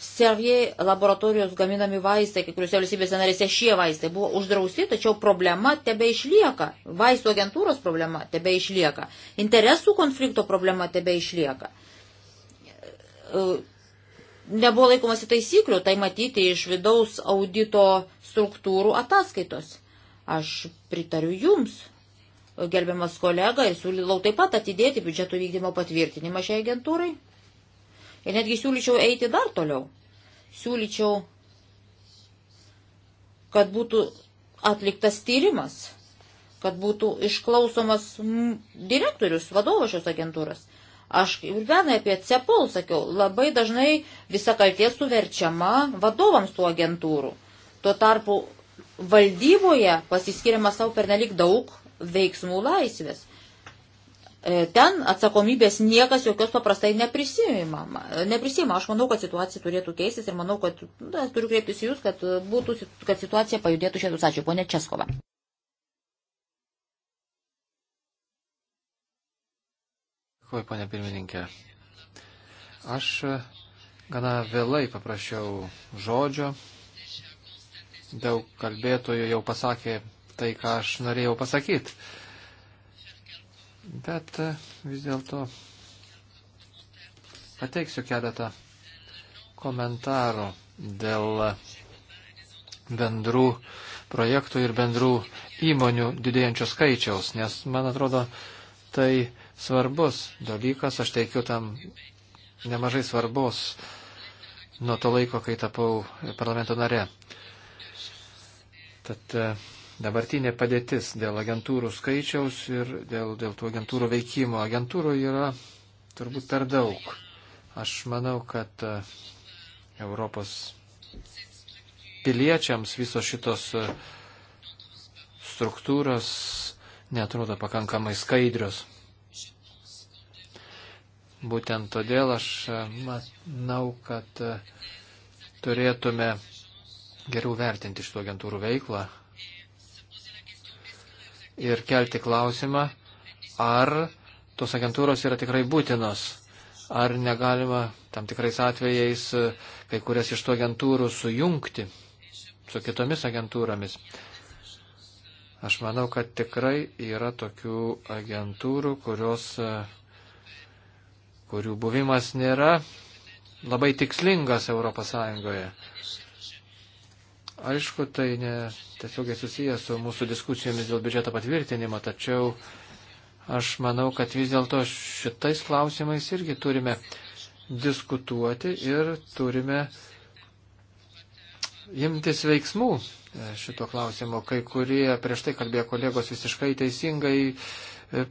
Servijai laboratorijos gaminami vaistai, kai kuriuose valstybėse narėse šie vaistai buvo uždrausti, tačiau problema tebe išlieka. Vaistų agentūros problema tebe išlieka. Interesų konflikto problema tebe išlieka. E, nebuvo laikomasi taisyklių, tai matyti iš vidaus audito struktūrų ataskaitos. Aš pritariu Jums, gerbiamas kolega, ir siūlylau taip pat atidėti biudžeto vykdymo patvirtinimą šiai agentūrai. Ir netgi siūlyčiau eiti dar toliau. Siūlyčiau, kad būtų atliktas tyrimas, kad būtų išklausomas direktorius, vadovas šios agentūros. Aš ilgenai apie CEPOL sakiau, labai dažnai visa kaltė suverčiama vadovams tų agentūrų. Tuo tarpu valdyboje pasiskiriama savo pernelik daug veiksmų laisvės. E, ten atsakomybės niekas jokios paprastai neprisima. neprisima. Aš manau, kad situacija turėtų keistis ir manau, kad na, turiu kreiptis jūs, kad, būtų, kad situacija pajudėtų šiandien. Ačiū, ponė Českova. Dėkui, ponė pirmininkė. Aš e, gana vėlai paprašiau žodžio Daug kalbėtojų jau pasakė tai, ką aš norėjau pasakyti. Bet e, vis dėlto pateiksiu keletą komentarų dėl bendrų projektų ir bendrų įmonių didėjančio skaičiaus, nes, man atrodo, tai svarbus dalykas, aš teikiu tam nemažai svarbos nuo to laiko, kai tapau parlamento nare. Tad e, dabartinė padėtis dėl agentūrų skaičiaus ir dėl, dėl tų agentūrų veikimo. Agentūrų yra turbūt per daug. Aš manau, kad e, Europos piliečiams visos šitos e, struktūros netrodo pakankamai skaidrios. Būtent todėl aš manau, kad turėtume geriau vertinti šitų agentūrų veiklą ir kelti klausimą, ar tos agentūros yra tikrai būtinos, ar negalima tam tikrais atvejais e, kai kurias iš tų agentūrų sujungti su kitomis agentūromis. Aš manau, kad tikrai yra tokių agentūrų, kurios, e, kurių buvimas nėra labai tikslingas Europos Sąjungoje. Aišku, tai ne tiesiogiai susijęs su mūsų diskusijomis dėl biudžeto patvirtinimo, tačiau aš manau, kad vis dėlto šitais klausimais irgi turime diskutuoti ir turime imtis veiksmų šito klausimo. Kai kurie prieš tai kalbėjo kolegos visiškai teisingai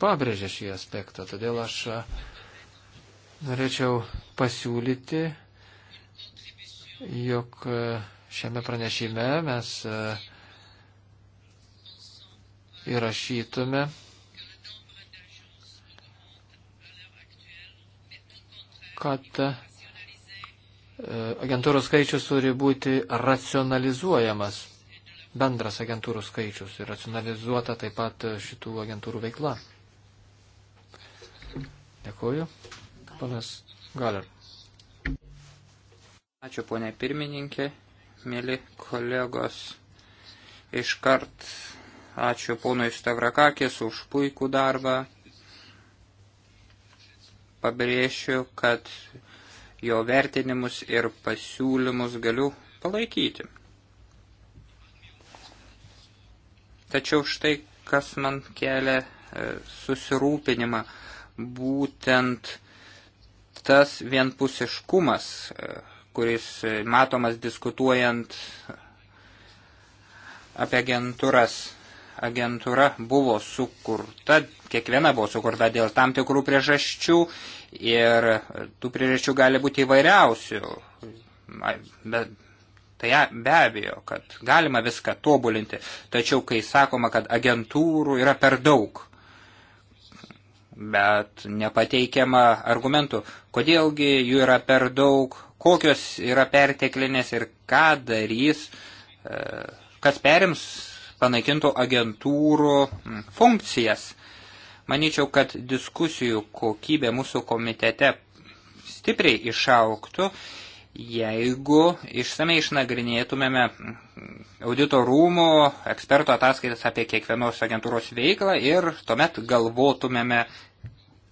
pabrėžė šį aspektą. Todėl aš norėčiau pasiūlyti, jog šiame pranešime mes e, įrašytume, kad e, agentūrų skaičius turi būti racionalizuojamas. Bendras agentūrų skaičius ir racionalizuota taip pat šitų agentūrų veikla. Dėkuoju. Panas Galer. Ačiū, ponė pirmininkė mėly kolegos, iškart ačiū ponui Stavrakakis už puikų darbą. Pabrėšiu, kad jo vertinimus ir pasiūlymus galiu palaikyti. Tačiau štai kas man kelia e, susirūpinimą, būtent tas vienpusiškumas, e, kuris e, matomas diskutuojant apie agentūras. Agentūra buvo sukurta, kiekviena buvo sukurta dėl tam tikrų priežasčių ir tų priežasčių gali būti įvairiausių. Bet tai be abejo, kad galima viską tobulinti, tačiau kai sakoma, kad agentūrų yra per daug, bet nepateikiama argumentų, kodėlgi jų yra per daug, kokios yra perteklinės ir ką darys, e, kas perims panaikintų agentūrų funkcijas. Manyčiau, kad diskusijų kokybė mūsų komitete stipriai išauktų, jeigu išsamei išnagrinėtumėme audito rūmų eksperto ataskaitas apie kiekvienos agentūros veiklą ir tuomet galvotumėme,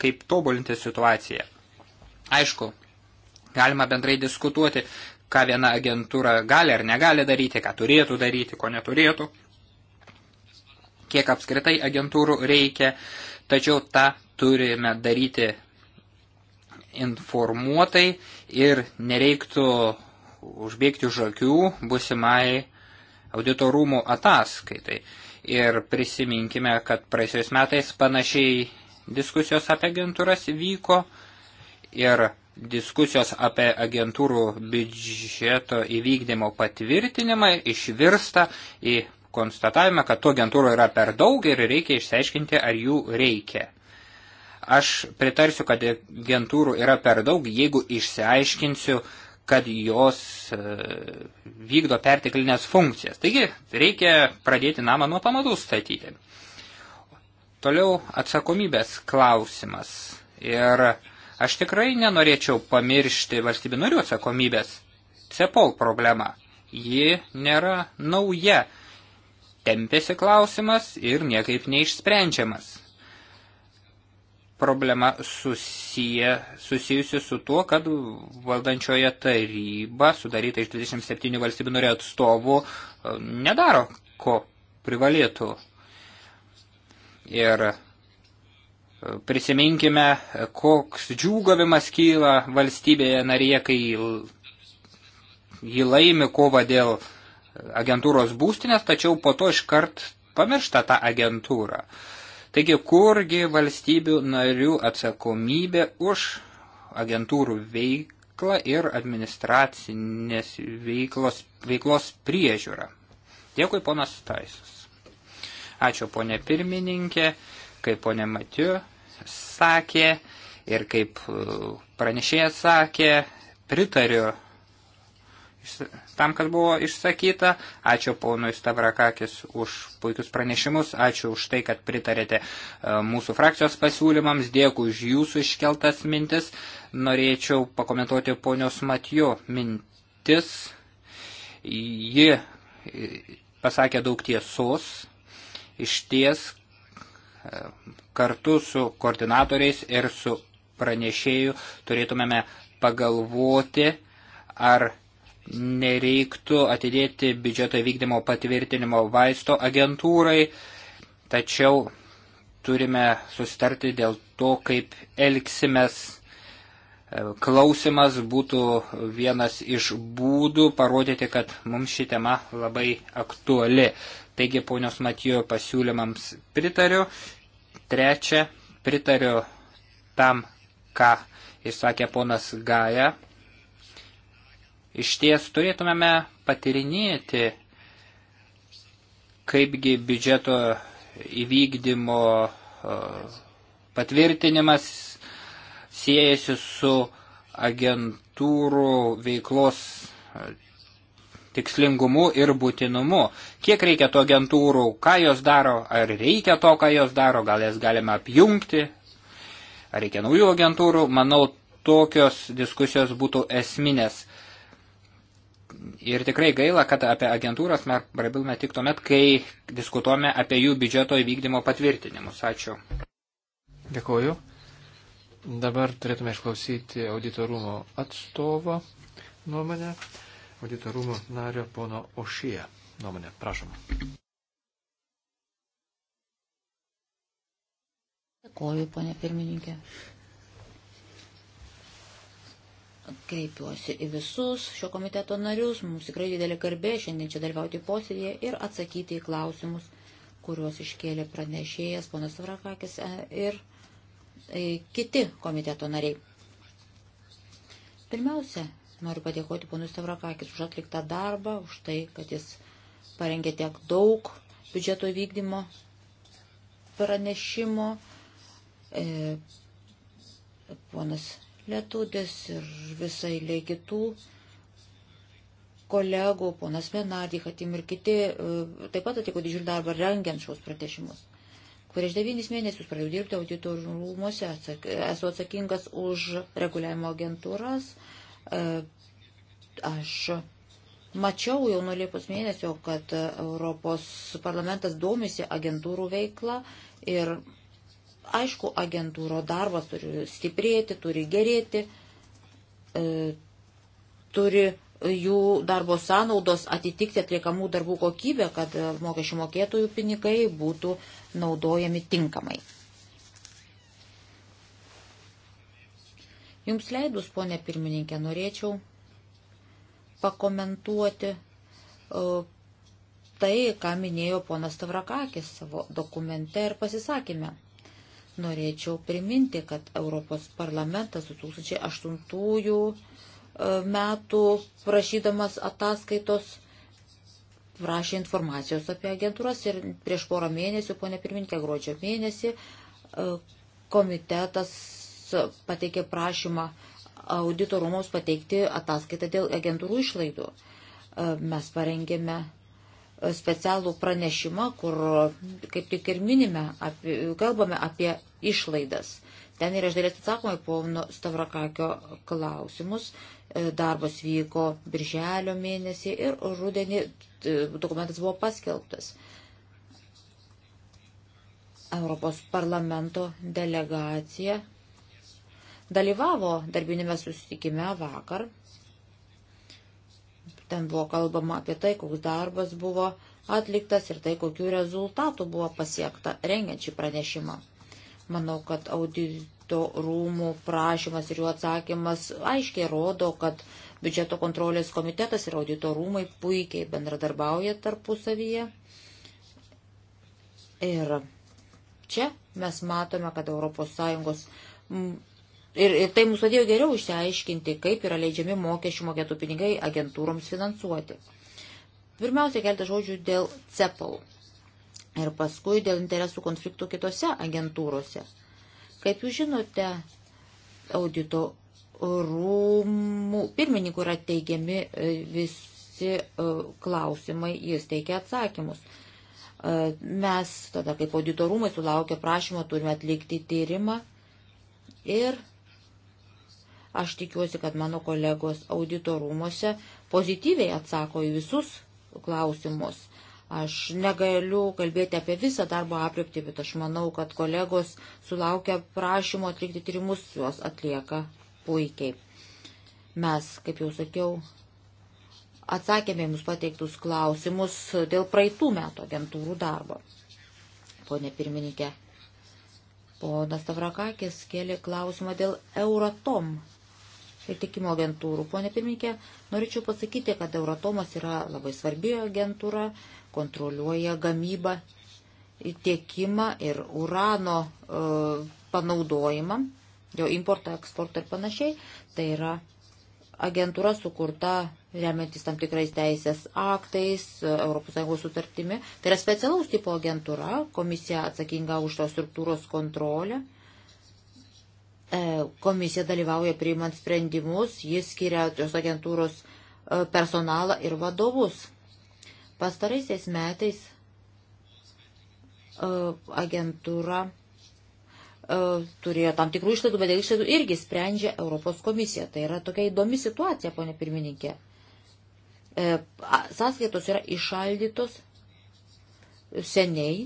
kaip tobulinti situaciją. Aišku, Galima bendrai diskutuoti, ką viena agentūra gali ar negali daryti, ką turėtų daryti, ko neturėtų, kiek apskritai agentūrų reikia, tačiau tą turime daryti informuotai ir nereiktų užbėgti už akių busimai auditorumų ataskaitai. Ir prisiminkime, kad praėjusiais metais panašiai diskusijos apie agentūras vyko ir diskusijos apie agentūrų biudžeto įvykdymo patvirtinimą išvirsta į konstatavimą, kad tų agentūrų yra per daug ir reikia išsiaiškinti, ar jų reikia. Aš pritarsiu, kad agentūrų yra per daug, jeigu išsiaiškinsiu, kad jos e, vykdo perteklinės funkcijas. Taigi reikia pradėti namą nuo pamatų statyti. Toliau atsakomybės klausimas. Ir Aš tikrai nenorėčiau pamiršti valstybių narių atsakomybės. CEPOL problema. Ji nėra nauja. Tempėsi klausimas ir niekaip neišsprendžiamas. Problema susiję, susijusi su tuo, kad valdančioje taryba, sudaryta iš 27 valstybių norėjo atstovų, nedaro, ko privalėtų. Ir Prisiminkime, koks džiūgavimas kyla valstybėje narėje, kai jį laimi kovą dėl agentūros būstinės, tačiau po to iškart pamiršta tą agentūrą. Taigi, kurgi valstybių narių atsakomybė už agentūrų veiklą ir administracinės veiklos, veiklos priežiūrą? Dėkui, ponas Taisus. Ačiū, ponė pirmininkė, kaip ponė Matiu sakė ir kaip e, pranešėjas sakė, pritariu tam, kas buvo išsakyta. Ačiū ponui Stavrakakis už puikius pranešimus, ačiū už tai, kad pritarėte e, mūsų frakcijos pasiūlymams, dėkui už jūsų iškeltas mintis. Norėčiau pakomentuoti ponios Matijo mintis. Ji e, pasakė daug tiesos, iš ties kartu su koordinatoriais ir su pranešėju turėtumėme pagalvoti, ar nereiktų atidėti biudžeto vykdymo patvirtinimo vaisto agentūrai, tačiau turime susitarti dėl to, kaip elgsimės. Klausimas būtų vienas iš būdų parodyti, kad mums ši tema labai aktuali. Taigi, ponios Matijo pasiūlymams pritariu Trečia, pritariu tam, ką išsakė ponas Gaja. Iš ties turėtumėme patirinėti, kaipgi biudžeto įvykdymo patvirtinimas siejasi su agentūrų veiklos tikslingumu ir būtinumu. Kiek reikia tų agentūrų, ką jos daro, ar reikia to, ką jos daro, gal jas galime apjungti, ar reikia naujų agentūrų. Manau, tokios diskusijos būtų esminės. Ir tikrai gaila, kad apie agentūras mes prabilme tik tuomet, kai diskutuome apie jų biudžeto įvykdymo patvirtinimus. Ačiū. Dėkuoju. Dabar turėtume išklausyti auditorumo atstovo nuomonę auditorumo nario pono Ošyje nuomonę. Prašom. Dėkoju, ponė pirmininkė. Kreipiuosi į visus šio komiteto narius, mums tikrai didelė garbė šiandien čia dalyvauti posėdėje ir atsakyti į klausimus, kuriuos iškėlė pranešėjas ponas Vrakakis e, ir e, kiti komiteto nariai. Pirmiausia, Noriu padėkoti ponui Stavrakakis už atliktą darbą, už tai, kad jis parengė tiek daug biudžeto vykdymo pranešimo. E, ponas Lietudės ir visai kitų kolegų, ponas Menardį, Hatim ir kiti, e, taip pat atliko didžiulį darbą rengiant šios pratešimus. Prieš devynis mėnesius pradėjau dirbti auditorų rūmose, atsak, esu atsakingas už reguliavimo agentūras, e, E, aš mačiau jau nuo Liepos mėnesio, kad Europos parlamentas domisi agentūrų veiklą ir aišku, agentūro darbas turi stiprėti, turi gerėti, e, turi jų darbo sąnaudos atitikti atliekamų darbų kokybę, kad mokesčių mokėtojų pinigai būtų naudojami tinkamai. Jums leidus, ponė pirmininkė, norėčiau pakomentuoti e, tai, ką minėjo ponas Tavrakakis savo dokumente ir pasisakymė. Norėčiau priminti, kad Europos parlamentas 2008 e, metų prašydamas ataskaitos prašė informacijos apie agentūras ir prieš porą mėnesių, ponė pirmininkė, gruodžio mėnesį e, komitetas pateikė prašymą auditorumos pateikti ataskaitą dėl agentūrų išlaidų. E, mes parengėme e, specialų pranešimą, kur kaip tik ir minime, apie, kalbame apie išlaidas. Ten yra išdėlės atsakomai pono Stavrakakio klausimus. E, darbas vyko birželio mėnesį ir rudenį dokumentas buvo paskelbtas. Europos parlamento delegacija dalyvavo darbinėme susitikime vakar. Ten buvo kalbama apie tai, koks darbas buvo atliktas ir tai, kokiu rezultatu buvo pasiekta rengiant šį pranešimą. Manau, kad audito rūmų prašymas ir jų atsakymas aiškiai rodo, kad biudžeto kontrolės komitetas ir audito rūmai puikiai bendradarbiauja tarpusavyje. Ir čia mes matome, kad ES Ir, ir tai mums padėjo geriau išsiaiškinti, kaip yra leidžiami mokesčių mokėtų pinigai agentūroms finansuoti. Pirmiausia, keltą žodžių dėl CEPAL ir paskui dėl interesų konfliktų kitose agentūrose. Kaip jūs žinote, audito rūmų pirmininkų yra teigiami e, visi e, klausimai, jis teikia atsakymus. E, mes tada kaip auditorumai sulaukia prašymą, turime atlikti tyrimą ir Aš tikiuosi, kad mano kolegos auditorumuose pozityviai atsako į visus klausimus. Aš negaliu kalbėti apie visą darbo apriepti, bet aš manau, kad kolegos sulaukia prašymo atlikti tyrimus, juos atlieka puikiai. Mes, kaip jau sakiau, atsakėme jums pateiktus klausimus dėl praeitų metų agentūrų darbo. Pone pirmininkė, ponas Tavrakakis kėlė klausimą dėl Euratom ir tikimo agentūrų. Pone pirminkė, norėčiau pasakyti, kad Euratomas yra labai svarbi agentūra, kontroliuoja gamybą, tiekimą ir urano e, panaudojimą, jo importą, eksportą ir panašiai. Tai yra agentūra sukurta remiantis tam tikrais teisės aktais, ES sutartimi. Tai yra specialaus tipo agentūra, komisija atsakinga už tos struktūros kontrolę. E, E, komisija dalyvauja priimant sprendimus, jis skiria tos agentūros e, personalą ir vadovus. Pastaraisiais metais e, agentūra turėjo tam tikrų išlaidų, bet dėl išlaidų irgi sprendžia Europos komisija. Tai yra tokia įdomi situacija, ponė pirmininkė. Sąskaitos yra išaldytos seniai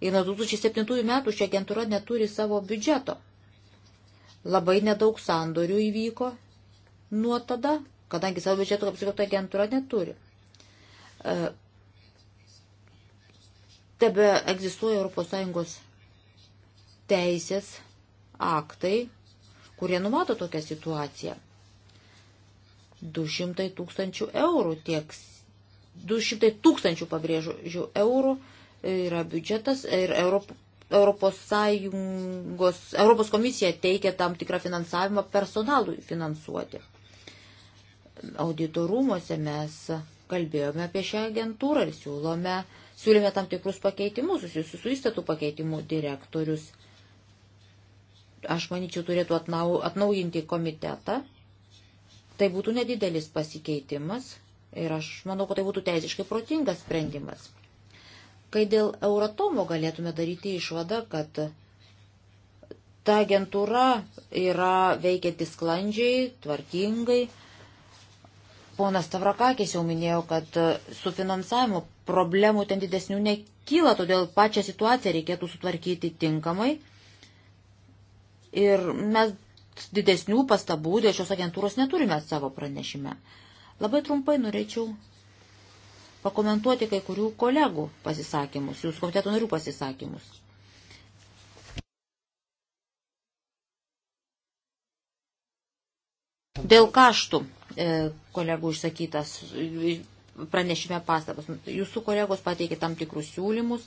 ir nuo 2007 metų ši agentūra neturi savo biudžeto. Labai nedaug sandorių įvyko nuo tada, kadangi savo biudžeto apskritai agentūra neturi. E, tebe egzistuoja ES teisės aktai, kurie numato tokią situaciją. 200 tūkstančių eurų tiek, 200 tūkstančių pabrėžų eurų yra biudžetas ir Europ, Europos, Sąjungos, Europos komisija teikia tam tikrą finansavimą personalui finansuoti. Auditorumuose mes kalbėjome apie šią agentūrą ir siūlome, siūlėme tam tikrus pakeitimus, susijusius su įstatų pakeitimu direktorius. Aš manyčiau, turėtų atnau, atnaujinti komitetą. Tai būtų nedidelis pasikeitimas ir aš manau, kad tai būtų teisiškai protingas sprendimas. Kai dėl Euratomo galėtume daryti išvadą, kad ta agentūra yra veikianti sklandžiai, tvarkingai. Ponas Tavrakakis jau minėjo, kad su finansavimu problemų ten didesnių nekyla, todėl pačią situaciją reikėtų sutvarkyti tinkamai. Ir mes didesnių pastabų dėl šios agentūros neturime savo pranešime. Labai trumpai norėčiau pakomentuoti kai kurių kolegų pasisakymus, jūsų komiteto narių pasisakymus. Dėl kaštų e, kolegų išsakytas e, pranešime pastabas. Jūsų kolegos pateikė tam tikrus siūlymus.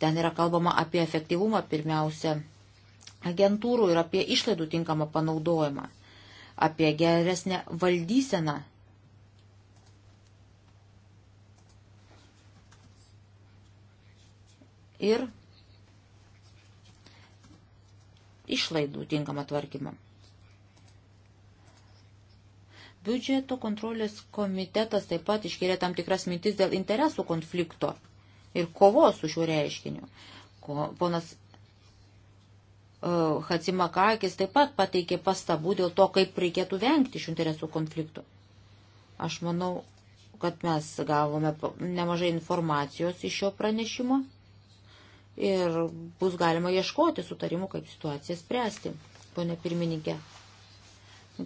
Ten yra kalbama apie efektyvumą pirmiausia agentūrų ir apie išlaidų tinkamą panaudojimą, apie geresnę valdyseną ir išlaidų tinkamą tvarkymą. Biudžeto kontrolės komitetas taip pat iškėlė tam tikras mintis dėl interesų konflikto ir kovos su šiuo reiškiniu. Ko, ponas uh, Hatsimakakis taip pat pateikė pastabų dėl to, kaip reikėtų vengti šių interesų konfliktų. Aš manau, kad mes gavome nemažai informacijos iš šio pranešimo ir bus galima ieškoti sutarimų, kaip situaciją spręsti, ponė pirmininkė.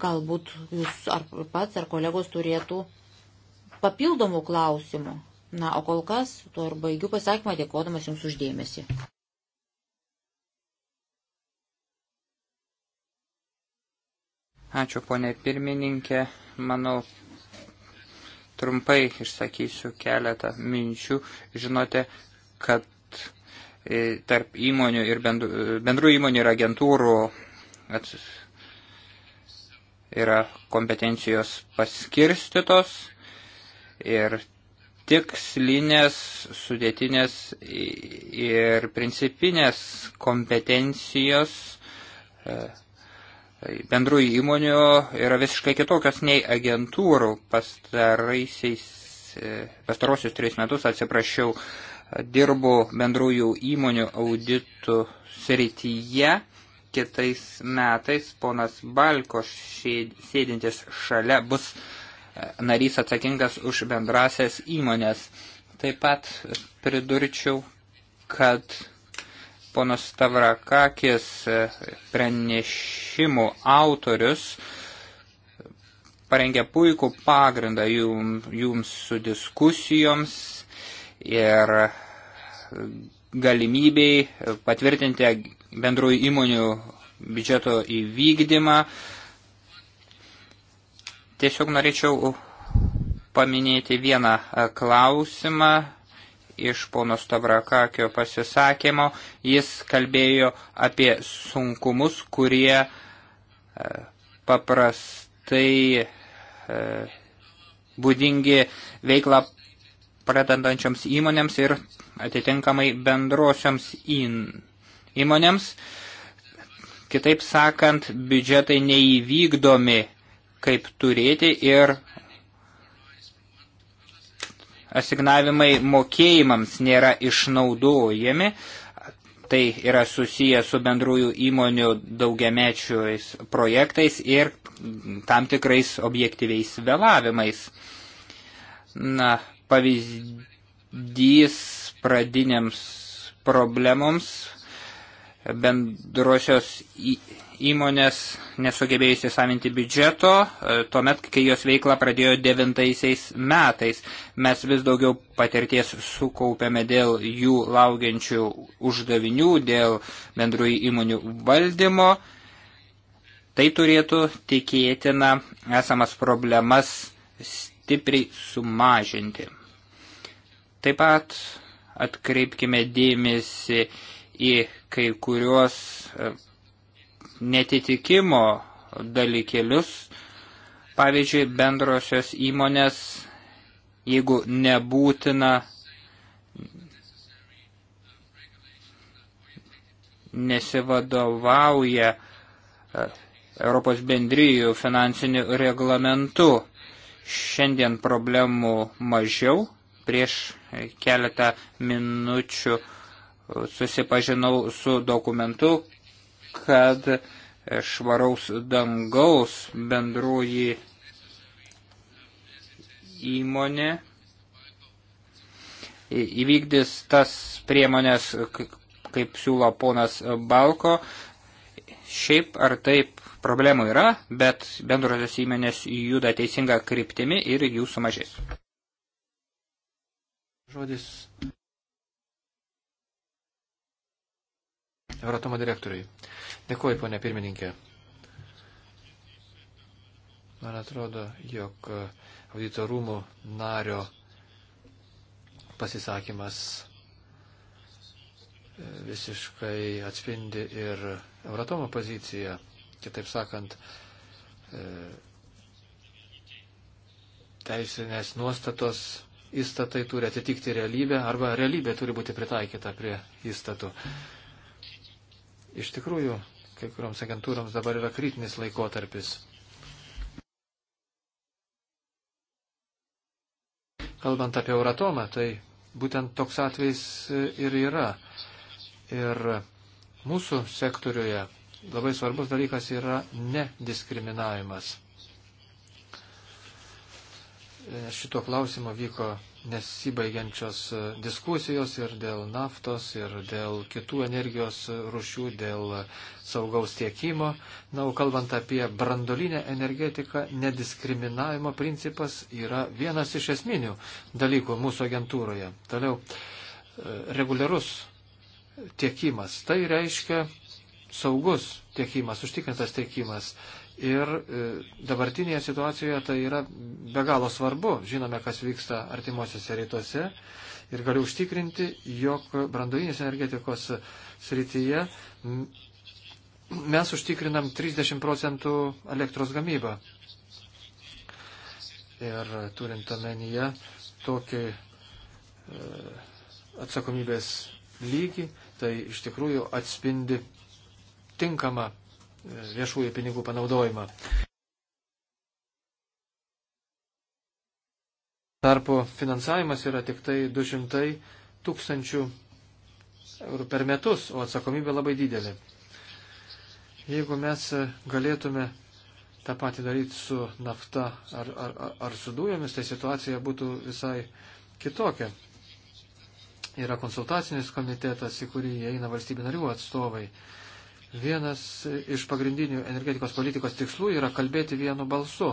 Galbūt jūs ar pats, ar kolegos turėtų papildomų klausimų. Na, o kol kas, tuo ir baigiu pasakymą, dėkodamas Jums uždėmesi. Ačiū, ponė pirmininkė. Manau, trumpai išsakysiu keletą minčių. Žinote, kad E, tarp įmonių ir bendru, bendrų įmonių ir agentūrų at, yra kompetencijos paskirstytos ir tikslinės, sudėtinės ir principinės kompetencijos e, bendrų įmonių yra visiškai kitokios nei agentūrų pastaraisiais e, pastarosius tris metus, atsiprašiau, dirbu bendrųjų įmonių auditų srityje. Kitais metais ponas Balko sėdintis šalia bus e, narys atsakingas už bendrasias įmonės. Taip pat pridurčiau, kad ponas Stavrakakis e, pranešimų autorius parengė puikų pagrindą jums, jums su diskusijoms ir galimybei patvirtinti bendrųjų įmonių biudžeto įvykdymą. Tiesiog norėčiau paminėti vieną klausimą iš pono Stavrakakio pasisakymo. Jis kalbėjo apie sunkumus, kurie e, paprastai e, būdingi veiklą pradedančioms įmonėms ir atitinkamai bendrosioms įmonėms. Kitaip sakant, biudžetai neįvykdomi kaip turėti ir asignavimai mokėjimams nėra išnaudojami. Tai yra susiję su bendrųjų įmonių daugiamečiais projektais ir tam tikrais objektyviais vėlavimais. Na, pavyzdys pradiniams problemoms bendrosios įmonės nesugebėjusi savinti biudžeto, e, tuomet, kai jos veikla pradėjo devintaisiais metais. Mes vis daugiau patirties sukaupėme dėl jų laukiančių uždavinių, dėl bendrųjų įmonių valdymo. Tai turėtų tikėtina esamas problemas stipriai sumažinti. Taip pat atkreipkime dėmesį į kai kuriuos e, netitikimo dalykėlius. Pavyzdžiui, bendrosios įmonės, jeigu nebūtina nesivadovauja e, Europos bendryjų finansinių reglamentų. Šiandien problemų mažiau, prieš keletą minučių susipažinau su dokumentu, kad švaraus dangaus bendroji įmonė įvykdys tas priemonės, kaip siūlo ponas Balko. Šiaip ar taip problemų yra, bet bendrosios įmonės juda teisinga kryptimi ir jų sumažės. Žodis Euratomo direktoriui. Dėkuoju, ponė pirmininkė. Man atrodo, jog auditorumų nario pasisakymas visiškai atspindi ir Euratomo poziciją. Kitaip sakant, e, teisinės nuostatos įstatai turi atitikti realybę arba realybė turi būti pritaikyta prie įstatų. Iš tikrųjų, kai kurioms agentūroms dabar yra kritinis laikotarpis. Kalbant apie Euratomą, tai būtent toks atvejs ir yra. Ir mūsų sektoriuje labai svarbus dalykas yra nediskriminavimas šito klausimo vyko nesibaigiančios e, diskusijos ir dėl naftos, ir dėl kitų energijos rušių, dėl saugaus tiekimo. Na, o kalbant apie brandolinę energetiką, nediskriminavimo principas yra vienas iš esminių dalykų mūsų agentūroje. Toliau, e, reguliarus tiekimas. Tai reiškia saugus tiekimas, užtikrintas tiekimas. Ir e, dabartinėje situacijoje tai yra be galo svarbu. Žinome, kas vyksta artimuosiuose rytuose. Ir galiu užtikrinti, jog branduolinės energetikos srityje mes užtikrinam 30 procentų elektros gamybą. Ir turint omenyje tokį e, atsakomybės lygį, tai iš tikrųjų atspindi tinkamą viešųjų pinigų panaudojimą. Tarpo finansavimas yra tik tai 200 tūkstančių eurų per metus, o atsakomybė labai didelė. Jeigu mes galėtume tą patį daryti su nafta ar, ar, ar su dujomis, tai situacija būtų visai kitokia. Yra konsultacinis komitetas, į kurį įeina valstybių narių atstovai. Vienas iš pagrindinių energetikos politikos tikslų yra kalbėti vienu balsu.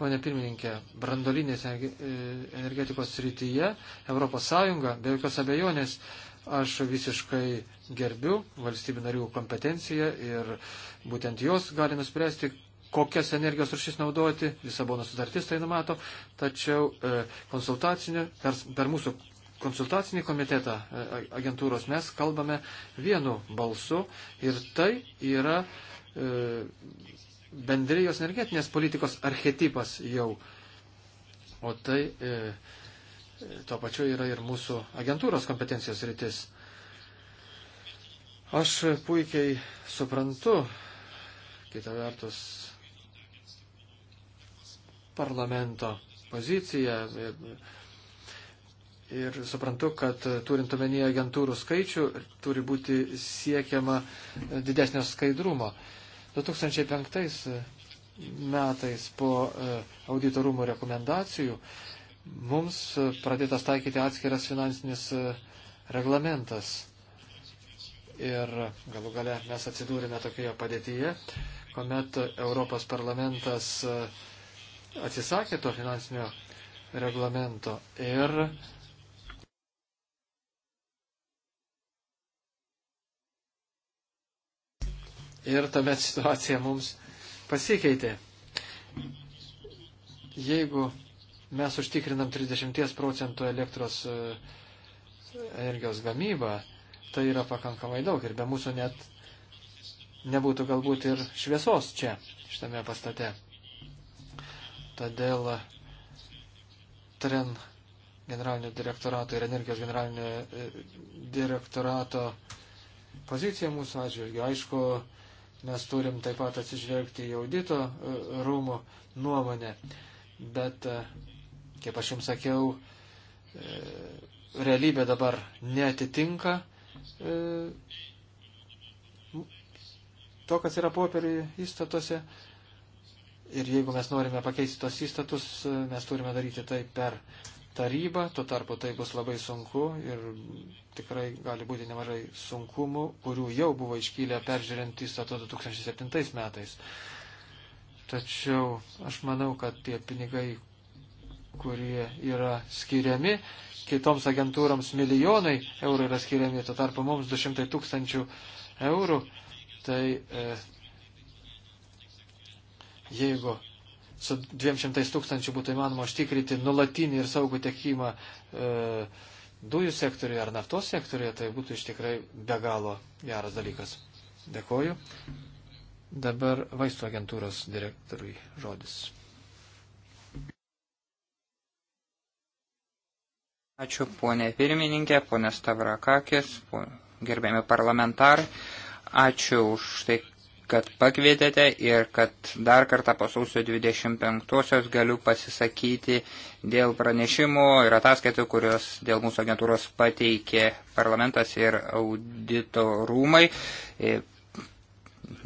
Pone pirmininkė, brandolinės e, energetikos srityje ES be jokios abejonės aš visiškai gerbiu valstybių narių kompetenciją ir būtent jos gali nuspręsti, kokias energijos rušis naudoti, Lisabono sutartis tai numato, tačiau e, konsultacinė, per, per mūsų konsultacinį komitetą e, agentūros mes kalbame vienu balsu ir tai yra e, bendrijos energetinės politikos archetipas jau. O tai e, tuo pačiu yra ir mūsų agentūros kompetencijos rytis. Aš puikiai suprantu, kita vertus, parlamento poziciją Ir suprantu, kad turint omenyje agentūrų skaičių, turi būti siekiama didesnio skaidrumo. 2005 metais po e, auditorumų rekomendacijų mums pradėtas taikyti atskiras finansinis e, reglamentas. Ir galų gale mes atsidūrėme tokioje padėtyje, kuomet Europos parlamentas e, atsisakė to finansinio reglamento ir ir tuomet situacija mums pasikeitė. Jeigu mes užtikrinam 30 procentų elektros e, energijos gamybą, tai yra pakankamai daug ir be mūsų net nebūtų galbūt ir šviesos čia, šitame pastate. Todėl tren generalinio direktorato ir energijos generalinio e, direktorato pozicija mūsų atžvilgiu. Aišku, Mes turim taip pat atsižvelgti į audito e, rūmų nuomonę. Bet, e, kaip aš jums sakiau, e, realybė dabar netitinka to, kas yra popieriuje įstatuose. Ir jeigu mes norime pakeisti tos įstatus, mes turime daryti tai per taryba, tuo tarpu tai bus labai sunku ir tikrai gali būti nemažai sunkumų, kurių jau buvo iškylę peržiūrint įstatą 2007 metais. Tačiau aš manau, kad tie pinigai, kurie yra skiriami, kitoms agentūroms milijonai eurų yra skiriami, tuo tarpu mums 200 tūkstančių eurų, tai e, jeigu su 200 tūkstančių būtų įmanoma užtikrinti nulatinį ir saugų tiekimą e, dujų sektoriuje ar naftos sektoriuje, tai būtų iš tikrai be galo geras dalykas. Dėkoju. Dabar vaistų agentūros direktoriui žodis. Ačiū ponė pirmininkė, ponė Stavrakakis, ponė, gerbėmi parlamentarai. Ačiū už tai, kad pakvietėte ir kad dar kartą po sausio 25-osios galiu pasisakyti dėl pranešimų ir ataskaitų, kurios dėl mūsų agentūros pateikė parlamentas ir audito rūmai. E,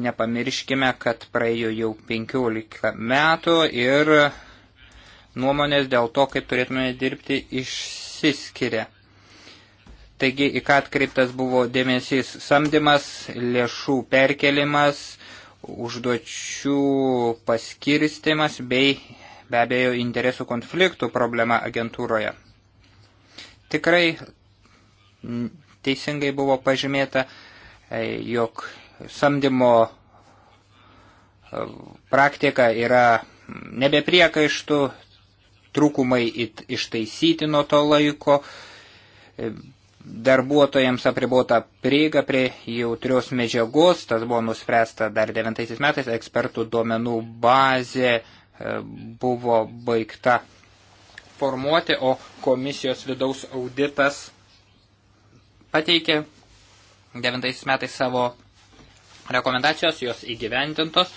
nepamirškime, kad praėjo jau 15 metų ir nuomonės dėl to, kaip turėtume dirbti, išsiskiria. Taigi, į ką atkreiptas buvo dėmesys samdymas, lėšų perkelimas, užduočių paskirstimas bei be abejo interesų konfliktų problema agentūroje. Tikrai teisingai buvo pažymėta, e, jog samdymo e, praktika yra nebepriekaištų, trūkumai ištaisyti nuo to laiko, e, darbuotojams apribuota prieiga prie jautrios medžiagos, tas buvo nuspręsta dar 9 metais, ekspertų duomenų bazė e, buvo baigta formuoti, o komisijos vidaus auditas pateikė 9 metais savo rekomendacijos, jos įgyvendintos,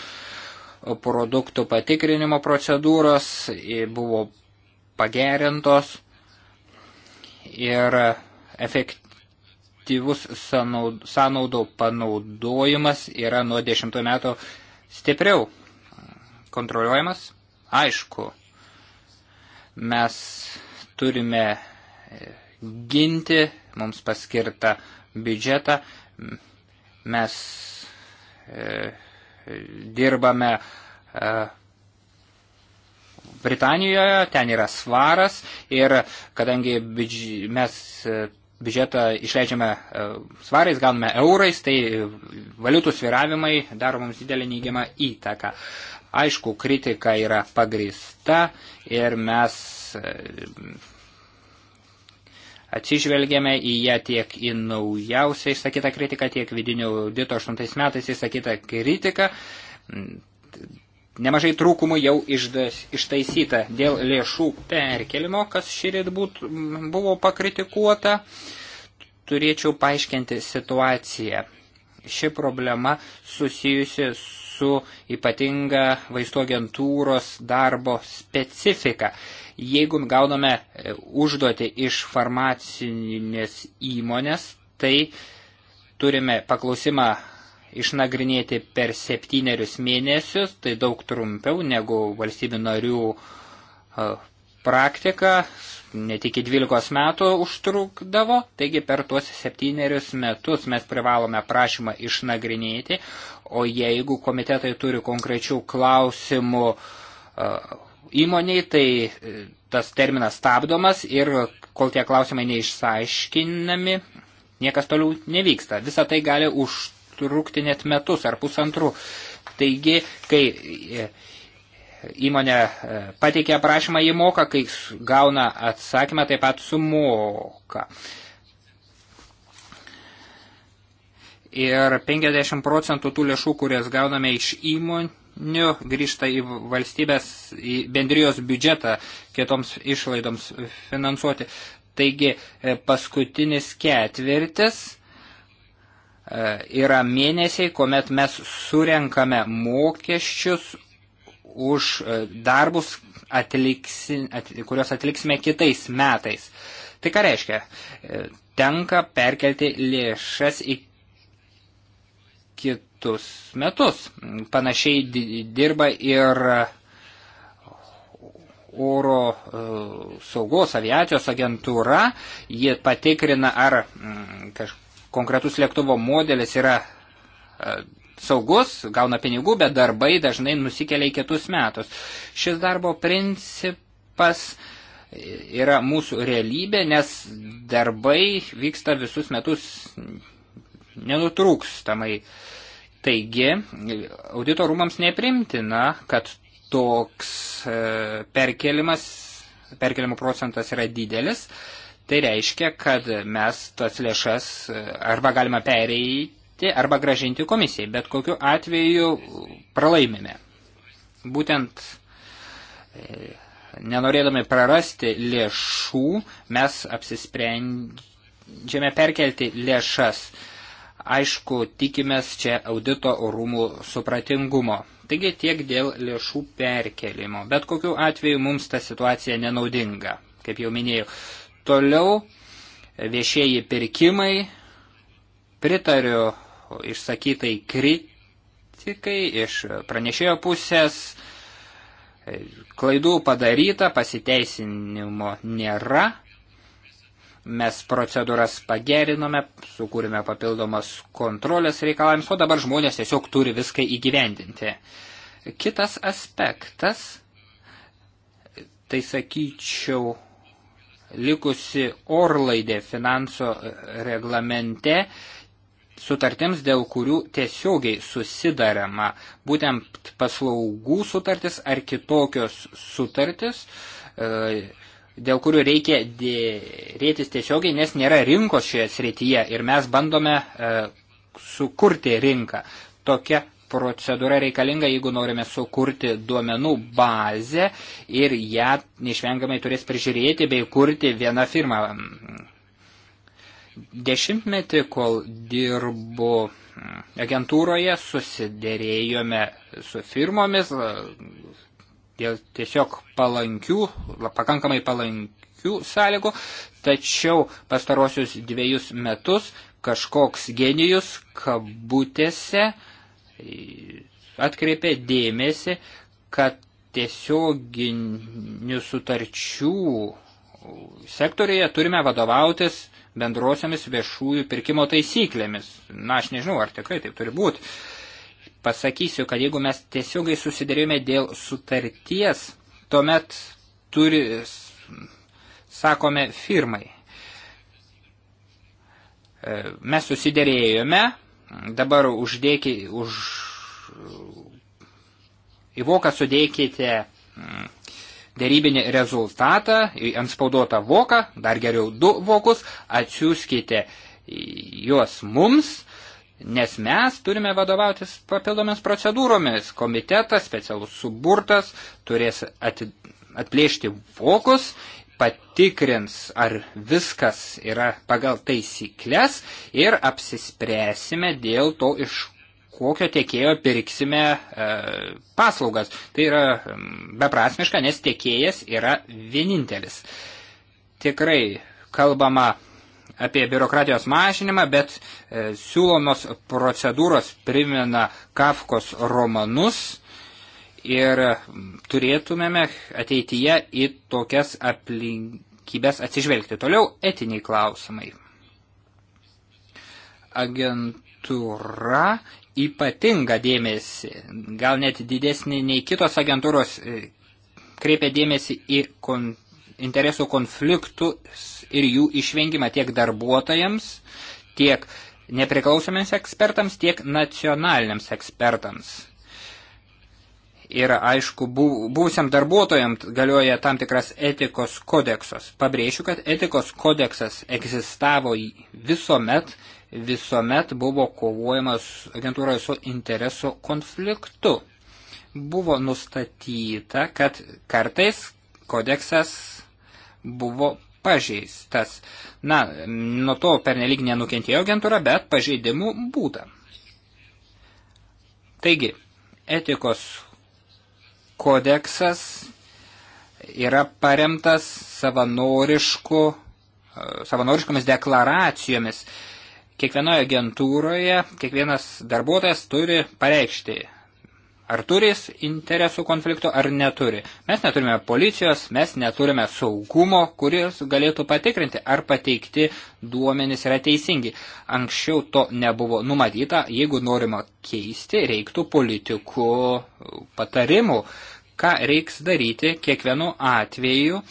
produktų patikrinimo procedūros buvo pagerintos ir efektyvus sąnaudų panaudojimas yra nuo 10 metų stipriau kontroliuojamas. Aišku, mes turime e, ginti mums paskirtą biudžetą, mes e, dirbame e, Britanijoje, ten yra svaras ir kadangi mes e, biudžetą išleidžiame e, svarais, gauname eurais, tai e, valiutų sviravimai daro mums didelį neigiamą įtaką. Aišku, kritika yra pagrįsta ir mes e, atsižvelgėme į ją tiek į naujausią išsakytą kritiką, tiek vidinio audito 8 metais išsakytą kritiką Nemažai trūkumų jau išdas, ištaisyta dėl lėšų perkelimo, kas šįryt buvo pakritikuota. Turėčiau paaiškinti situaciją. Ši problema susijusi su ypatinga vaistų agentūros darbo specifika. Jeigu gauname e, užduoti iš farmacinės įmonės, tai turime paklausimą išnagrinėti per septynerius mėnesius, tai daug trumpiau negu valstybių narių e, praktika, net iki 12 metų užtrukdavo, taigi per tuos septynerius metus mes privalome prašymą išnagrinėti, o jeigu komitetai turi konkrečių klausimų e, įmoniai, tai e, tas terminas stabdomas ir kol tie klausimai neišsaiškinami, niekas toliau nevyksta. Visą tai gali už trukti net metus ar pusantrų. Taigi, kai e, įmonė e, pateikia aprašymą, jį moka, kai gauna atsakymą, taip pat sumoka. Ir 50 procentų tų lėšų, kurias gauname iš įmonių, grįžta į valstybės, į bendrijos biudžetą kitoms išlaidoms finansuoti. Taigi e, paskutinis ketvirtis E, yra mėnesiai, kuomet mes surenkame mokesčius už e, darbus, atliksin, at, kuriuos atliksime kitais metais. Tai ką reiškia? E, tenka perkelti lėšas į kitus metus. Panašiai dirba ir oro saugos aviacijos agentūra, ji patikrina, ar mm, kaž, konkretus lėktuvo modelis yra e, saugus, gauna pinigų, bet darbai dažnai nusikelia į kitus metus. Šis darbo principas yra mūsų realybė, nes darbai vyksta visus metus nenutrūkstamai. Taigi, auditorumams neprimtina, kad toks e, perkelimas, perkelimų procentas yra didelis, Tai reiškia, kad mes tas lėšas e, arba galima pereiti, arba gražinti komisijai, bet kokiu atveju pralaimime. Būtent e, nenorėdami prarasti lėšų, mes apsisprendžiame perkelti lėšas. Aišku, tikimės čia audito rūmų supratingumo. Taigi tiek dėl lėšų perkelimo. Bet kokiu atveju mums ta situacija nenaudinga, kaip jau minėjau. Toliau viešieji pirkimai. Pritariu išsakytai kritikai iš pranešėjo pusės. Klaidų padaryta, pasiteisinimo nėra. Mes procedūras pagerinome, sukūrėme papildomas kontrolės reikalavimus, o dabar žmonės tiesiog turi viską įgyvendinti. Kitas aspektas, tai sakyčiau, likusi orlaidė finanso reglamente sutartims, dėl kurių tiesiogiai susidarama būtent paslaugų sutartis ar kitokios sutartis, e, dėl kurių reikia dėrėtis tiesiogiai, nes nėra rinkos šioje srityje ir mes bandome e, sukurti rinką. Tokia procedūra reikalinga, jeigu norime sukurti duomenų bazę ir ją neišvengiamai turės prižiūrėti bei kurti viena firma. Dešimtmetį, kol dirbu agentūroje, susidėrėjome su firmomis dėl tiesiog palankių, pakankamai palankių sąlygų, tačiau pastarosius dviejus metus kažkoks genijus kabutėse uh, atkreipė dėmesį, kad tiesioginių sutarčių sektorėje turime vadovautis bendrosiamis viešųjų pirkimo taisyklėmis. Na, aš nežinau, ar tikrai taip turi būti. Pasakysiu, kad jeigu mes tiesiogai susidėrėjome dėl sutarties, tuomet turi, sakome, firmai. E, mes susidėrėjome, Dabar uždėkite, už, į voką sudėkite mm, dėrybinį rezultatą, ant spaudotą voką, dar geriau du vokus, atsiųskite juos mums, nes mes turime vadovautis papildomis procedūromis. Komitetas, specialus suburtas, turės atplėšti vokus patikrins, ar viskas yra pagal taisyklės ir apsispręsime dėl to, iš kokio tiekėjo pirksime e, paslaugas. Tai yra beprasmiška, nes tiekėjas yra vienintelis. Tikrai kalbama apie biurokratijos mažinimą, bet e, siūlomos procedūros primena Kafkos romanus ir turėtumėme ateityje į tokias aplinkybės atsižvelgti. Toliau etiniai klausimai. Agentūra ypatinga dėmesį, gal net didesnį nei kitos agentūros, e, kreipia dėmesį į kon, interesų konfliktus ir jų išvengimą tiek darbuotojams, tiek nepriklausomiems ekspertams, tiek nacionaliniams ekspertams yra aišku, buvusiam darbuotojam galioja tam tikras etikos kodeksas. Pabrėšiu, kad etikos kodeksas egzistavo visuomet, visuomet buvo kovojamas agentūroje su interesų konfliktu. Buvo nustatyta, kad kartais kodeksas buvo pažeistas. Na, nuo to pernelyg nenukentėjo agentūra, bet pažeidimų būta. Taigi, etikos kodeksas yra paremtas savanorišku, e, savanoriškomis deklaracijomis. Kiekvienoje agentūroje kiekvienas darbuotojas turi pareikšti ar turi interesų konflikto, ar neturi. Mes neturime policijos, mes neturime saugumo, kuris galėtų patikrinti, ar pateikti duomenys yra teisingi. Anksčiau to nebuvo numatyta, jeigu norima keisti, reiktų politikų patarimų, ką reiks daryti kiekvienu atveju.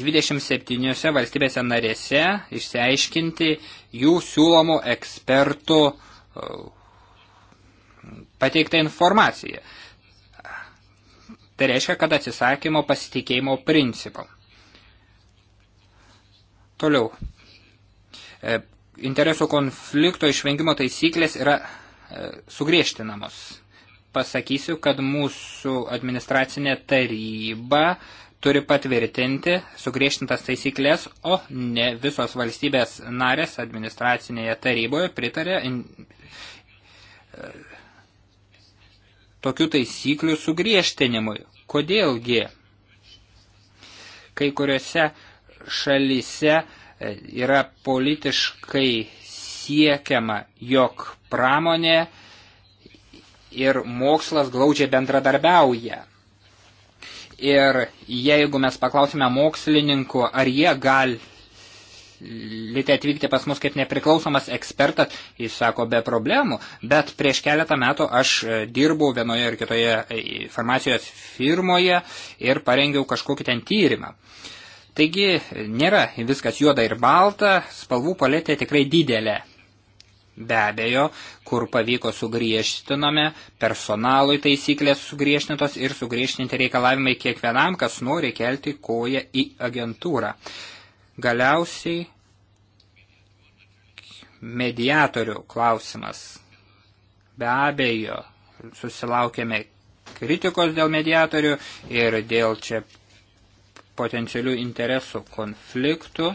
27 valstybėse narėse išsiaiškinti jų siūlomų ekspertų uh, pateiktą informaciją. Tai reiškia, kad atsisakymo pasitikėjimo principo. Toliau. E, interesų konflikto išvengimo taisyklės yra e, sugriežtinamos. Pasakysiu, kad mūsų administracinė taryba turi patvirtinti sugriežtintas taisyklės, o ne visos valstybės narės administracinėje taryboje pritarė tokių taisyklių sugriežtinimui. Kodėlgi? Kai kuriuose šalyse e, yra politiškai siekiama, jog pramonė ir mokslas glaudžiai bendradarbiauja. Ir jeigu mes paklausime mokslininkų, ar jie gali galite atvykti pas mus kaip nepriklausomas ekspertas, jis sako, be problemų, bet prieš keletą metų aš e, dirbau vienoje ar kitoje e, farmacijos firmoje ir parengiau kažkokį ten tyrimą. Taigi e, nėra viskas juoda ir balta, spalvų paletė tikrai didelė. Be abejo, kur pavyko sugriežtinome, personalui taisyklės sugriežtintos ir sugriežtinti reikalavimai kiekvienam, kas nori kelti koją į agentūrą. Galiausiai mediatorių klausimas. Be abejo, susilaukėme kritikos dėl mediatorių ir dėl čia potencialių interesų konfliktų.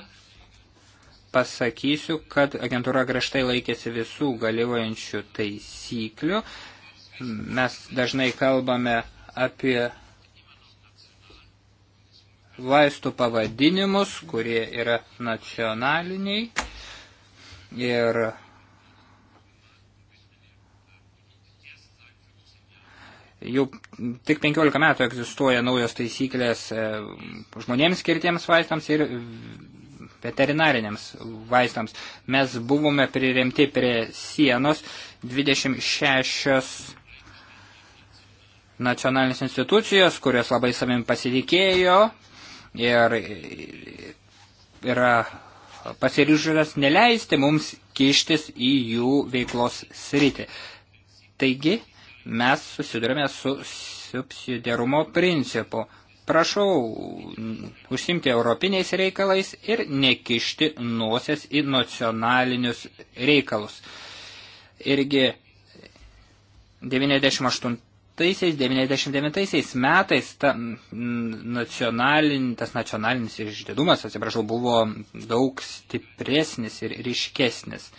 Pasakysiu, kad agentūra graštai laikėsi visų galiojančių taisyklių. Mes dažnai kalbame apie vaistų pavadinimus, kurie yra nacionaliniai ir jau tik 15 metų egzistuoja naujos taisyklės e, žmonėms skirtiems vaistams ir veterinariniams vaistams. Mes buvome priremti prie sienos 26 nacionalinės institucijos, kurios labai savim pasitikėjo, ir yra pasiryžęs neleisti mums kištis į jų veiklos sritį. Taigi, mes susidurime su subsidiarumo principu. Prašau užsimti europiniais reikalais ir nekišti nosies į nacionalinius reikalus. Irgi 98 99 metais ta, nacionalin, tas nacionalinis išdidumas, atsiprašau, buvo daug stipresnis ir ryškesnis.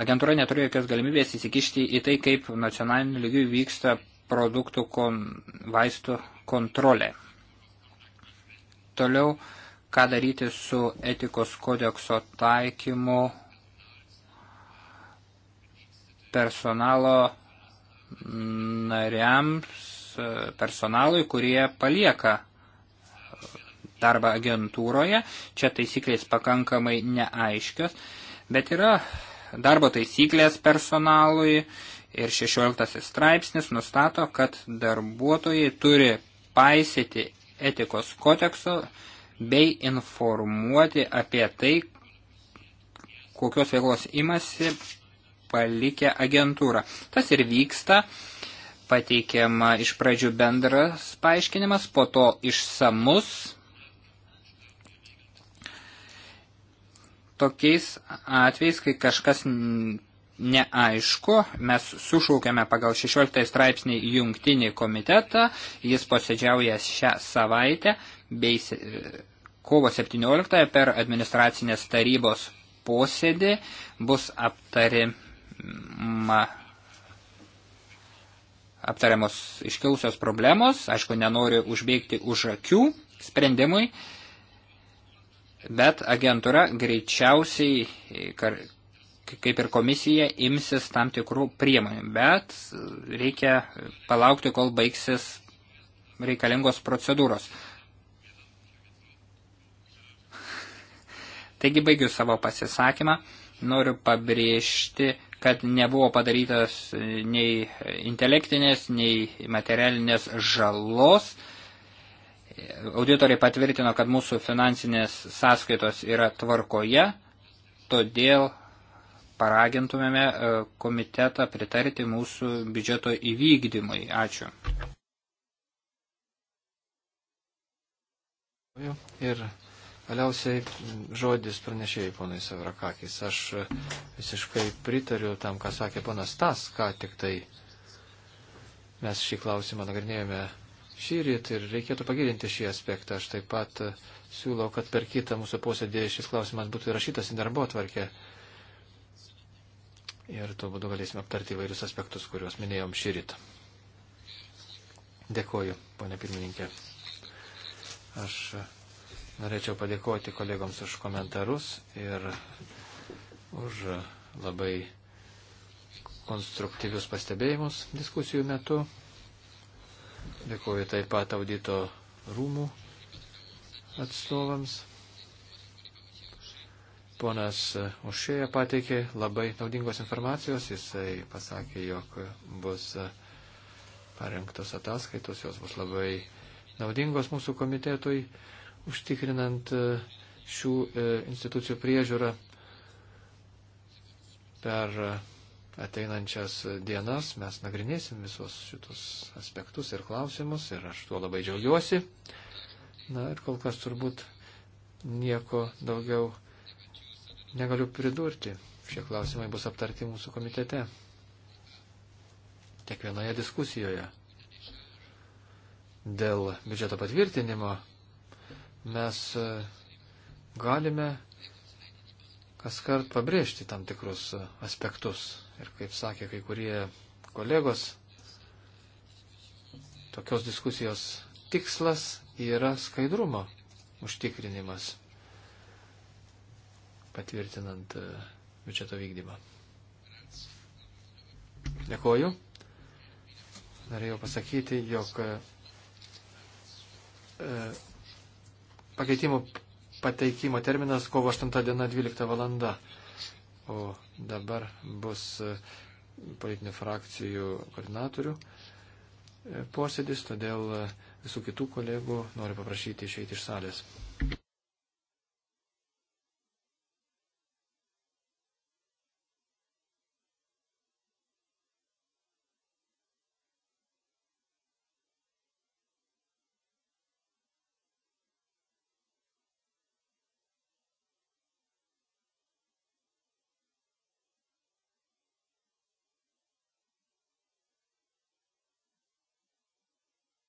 Agentūra neturėjo jokios galimybės įsikišti į tai, kaip nacionaliniu lygiu vyksta produktų kon, vaistų kontrolė. Toliau, ką daryti su etikos kodekso taikymu personalo nariams, e, personalui, kurie palieka darbą agentūroje. Čia taisyklės pakankamai neaiškios, bet yra darbo taisyklės personalui ir 16 straipsnis nustato, kad darbuotojai turi paisyti etikos kodekso bei informuoti apie tai, kokios veiklos imasi palikę agentūrą. Tas ir vyksta, pateikiama iš pradžių bendras paaiškinimas, po to išsamus. Tokiais atvejais, kai kažkas neaišku, mes sušaukėme pagal 16 straipsnį jungtinį komitetą, jis posėdžiauja šią savaitę, bei kovo 17 per administracinės tarybos posėdį bus aptariami ma aptariamos iškilusios problemos, aišku, nenori užbėgti už akių sprendimui, bet agentūra greičiausiai, kaip ir komisija, imsis tam tikrų priemonių, bet reikia palaukti, kol baigsis reikalingos procedūros. Taigi baigiu savo pasisakymą, noriu pabrėžti, kad nebuvo padarytas nei intelektinės, nei materialinės žalos. Auditoriai patvirtino, kad mūsų finansinės sąskaitos yra tvarkoje, todėl paragintumėme e, komitetą pritarti mūsų biudžeto įvykdymui. Ačiū. Ir Galiausiai žodis pranešėjai ponai Savrakakis. Aš visiškai pritariu tam, ką sakė ponas Tas, ką tik tai mes šį klausimą nagrinėjome šį rytą ir reikėtų pagilinti šį aspektą. Aš taip pat siūlau, kad per kitą mūsų posėdį šis klausimas būtų įrašytas į darbo tvarkę. Ir tuo būdu galėsime aptarti įvairius aspektus, kuriuos minėjom šį rytą. Dėkoju, ponė pirmininkė. Aš Norėčiau padėkoti kolegoms už komentarus ir už labai konstruktyvius pastebėjimus diskusijų metu. Dėkuoju taip pat audito rūmų atstovams. Ponas Ušėja pateikė labai naudingos informacijos. Jisai pasakė, jog bus parengtos ataskaitos, jos bus labai naudingos mūsų komitetui užtikrinant e, šių e, institucijų priežiūrą per e, ateinančias dienas. Mes nagrinėsim visus šitus aspektus ir klausimus ir aš tuo labai džiaugiuosi. Na ir kol kas turbūt nieko daugiau negaliu pridurti. Šie klausimai bus aptarti mūsų komitete. Tiek vienoje diskusijoje dėl biudžeto patvirtinimo mes e, galime kas kart pabrėžti tam tikrus e, aspektus. Ir kaip sakė kai kurie kolegos, tokios diskusijos tikslas yra skaidrumo užtikrinimas, patvirtinant e, biudžeto vykdymą. Dėkoju. Norėjau pasakyti, jog Pakeitimų pateikimo terminas kovo 8 diena 12 valanda. O dabar bus e, politinių frakcijų koordinatorių e, posėdis, todėl e, visų kitų kolegų noriu paprašyti išeiti iš salės.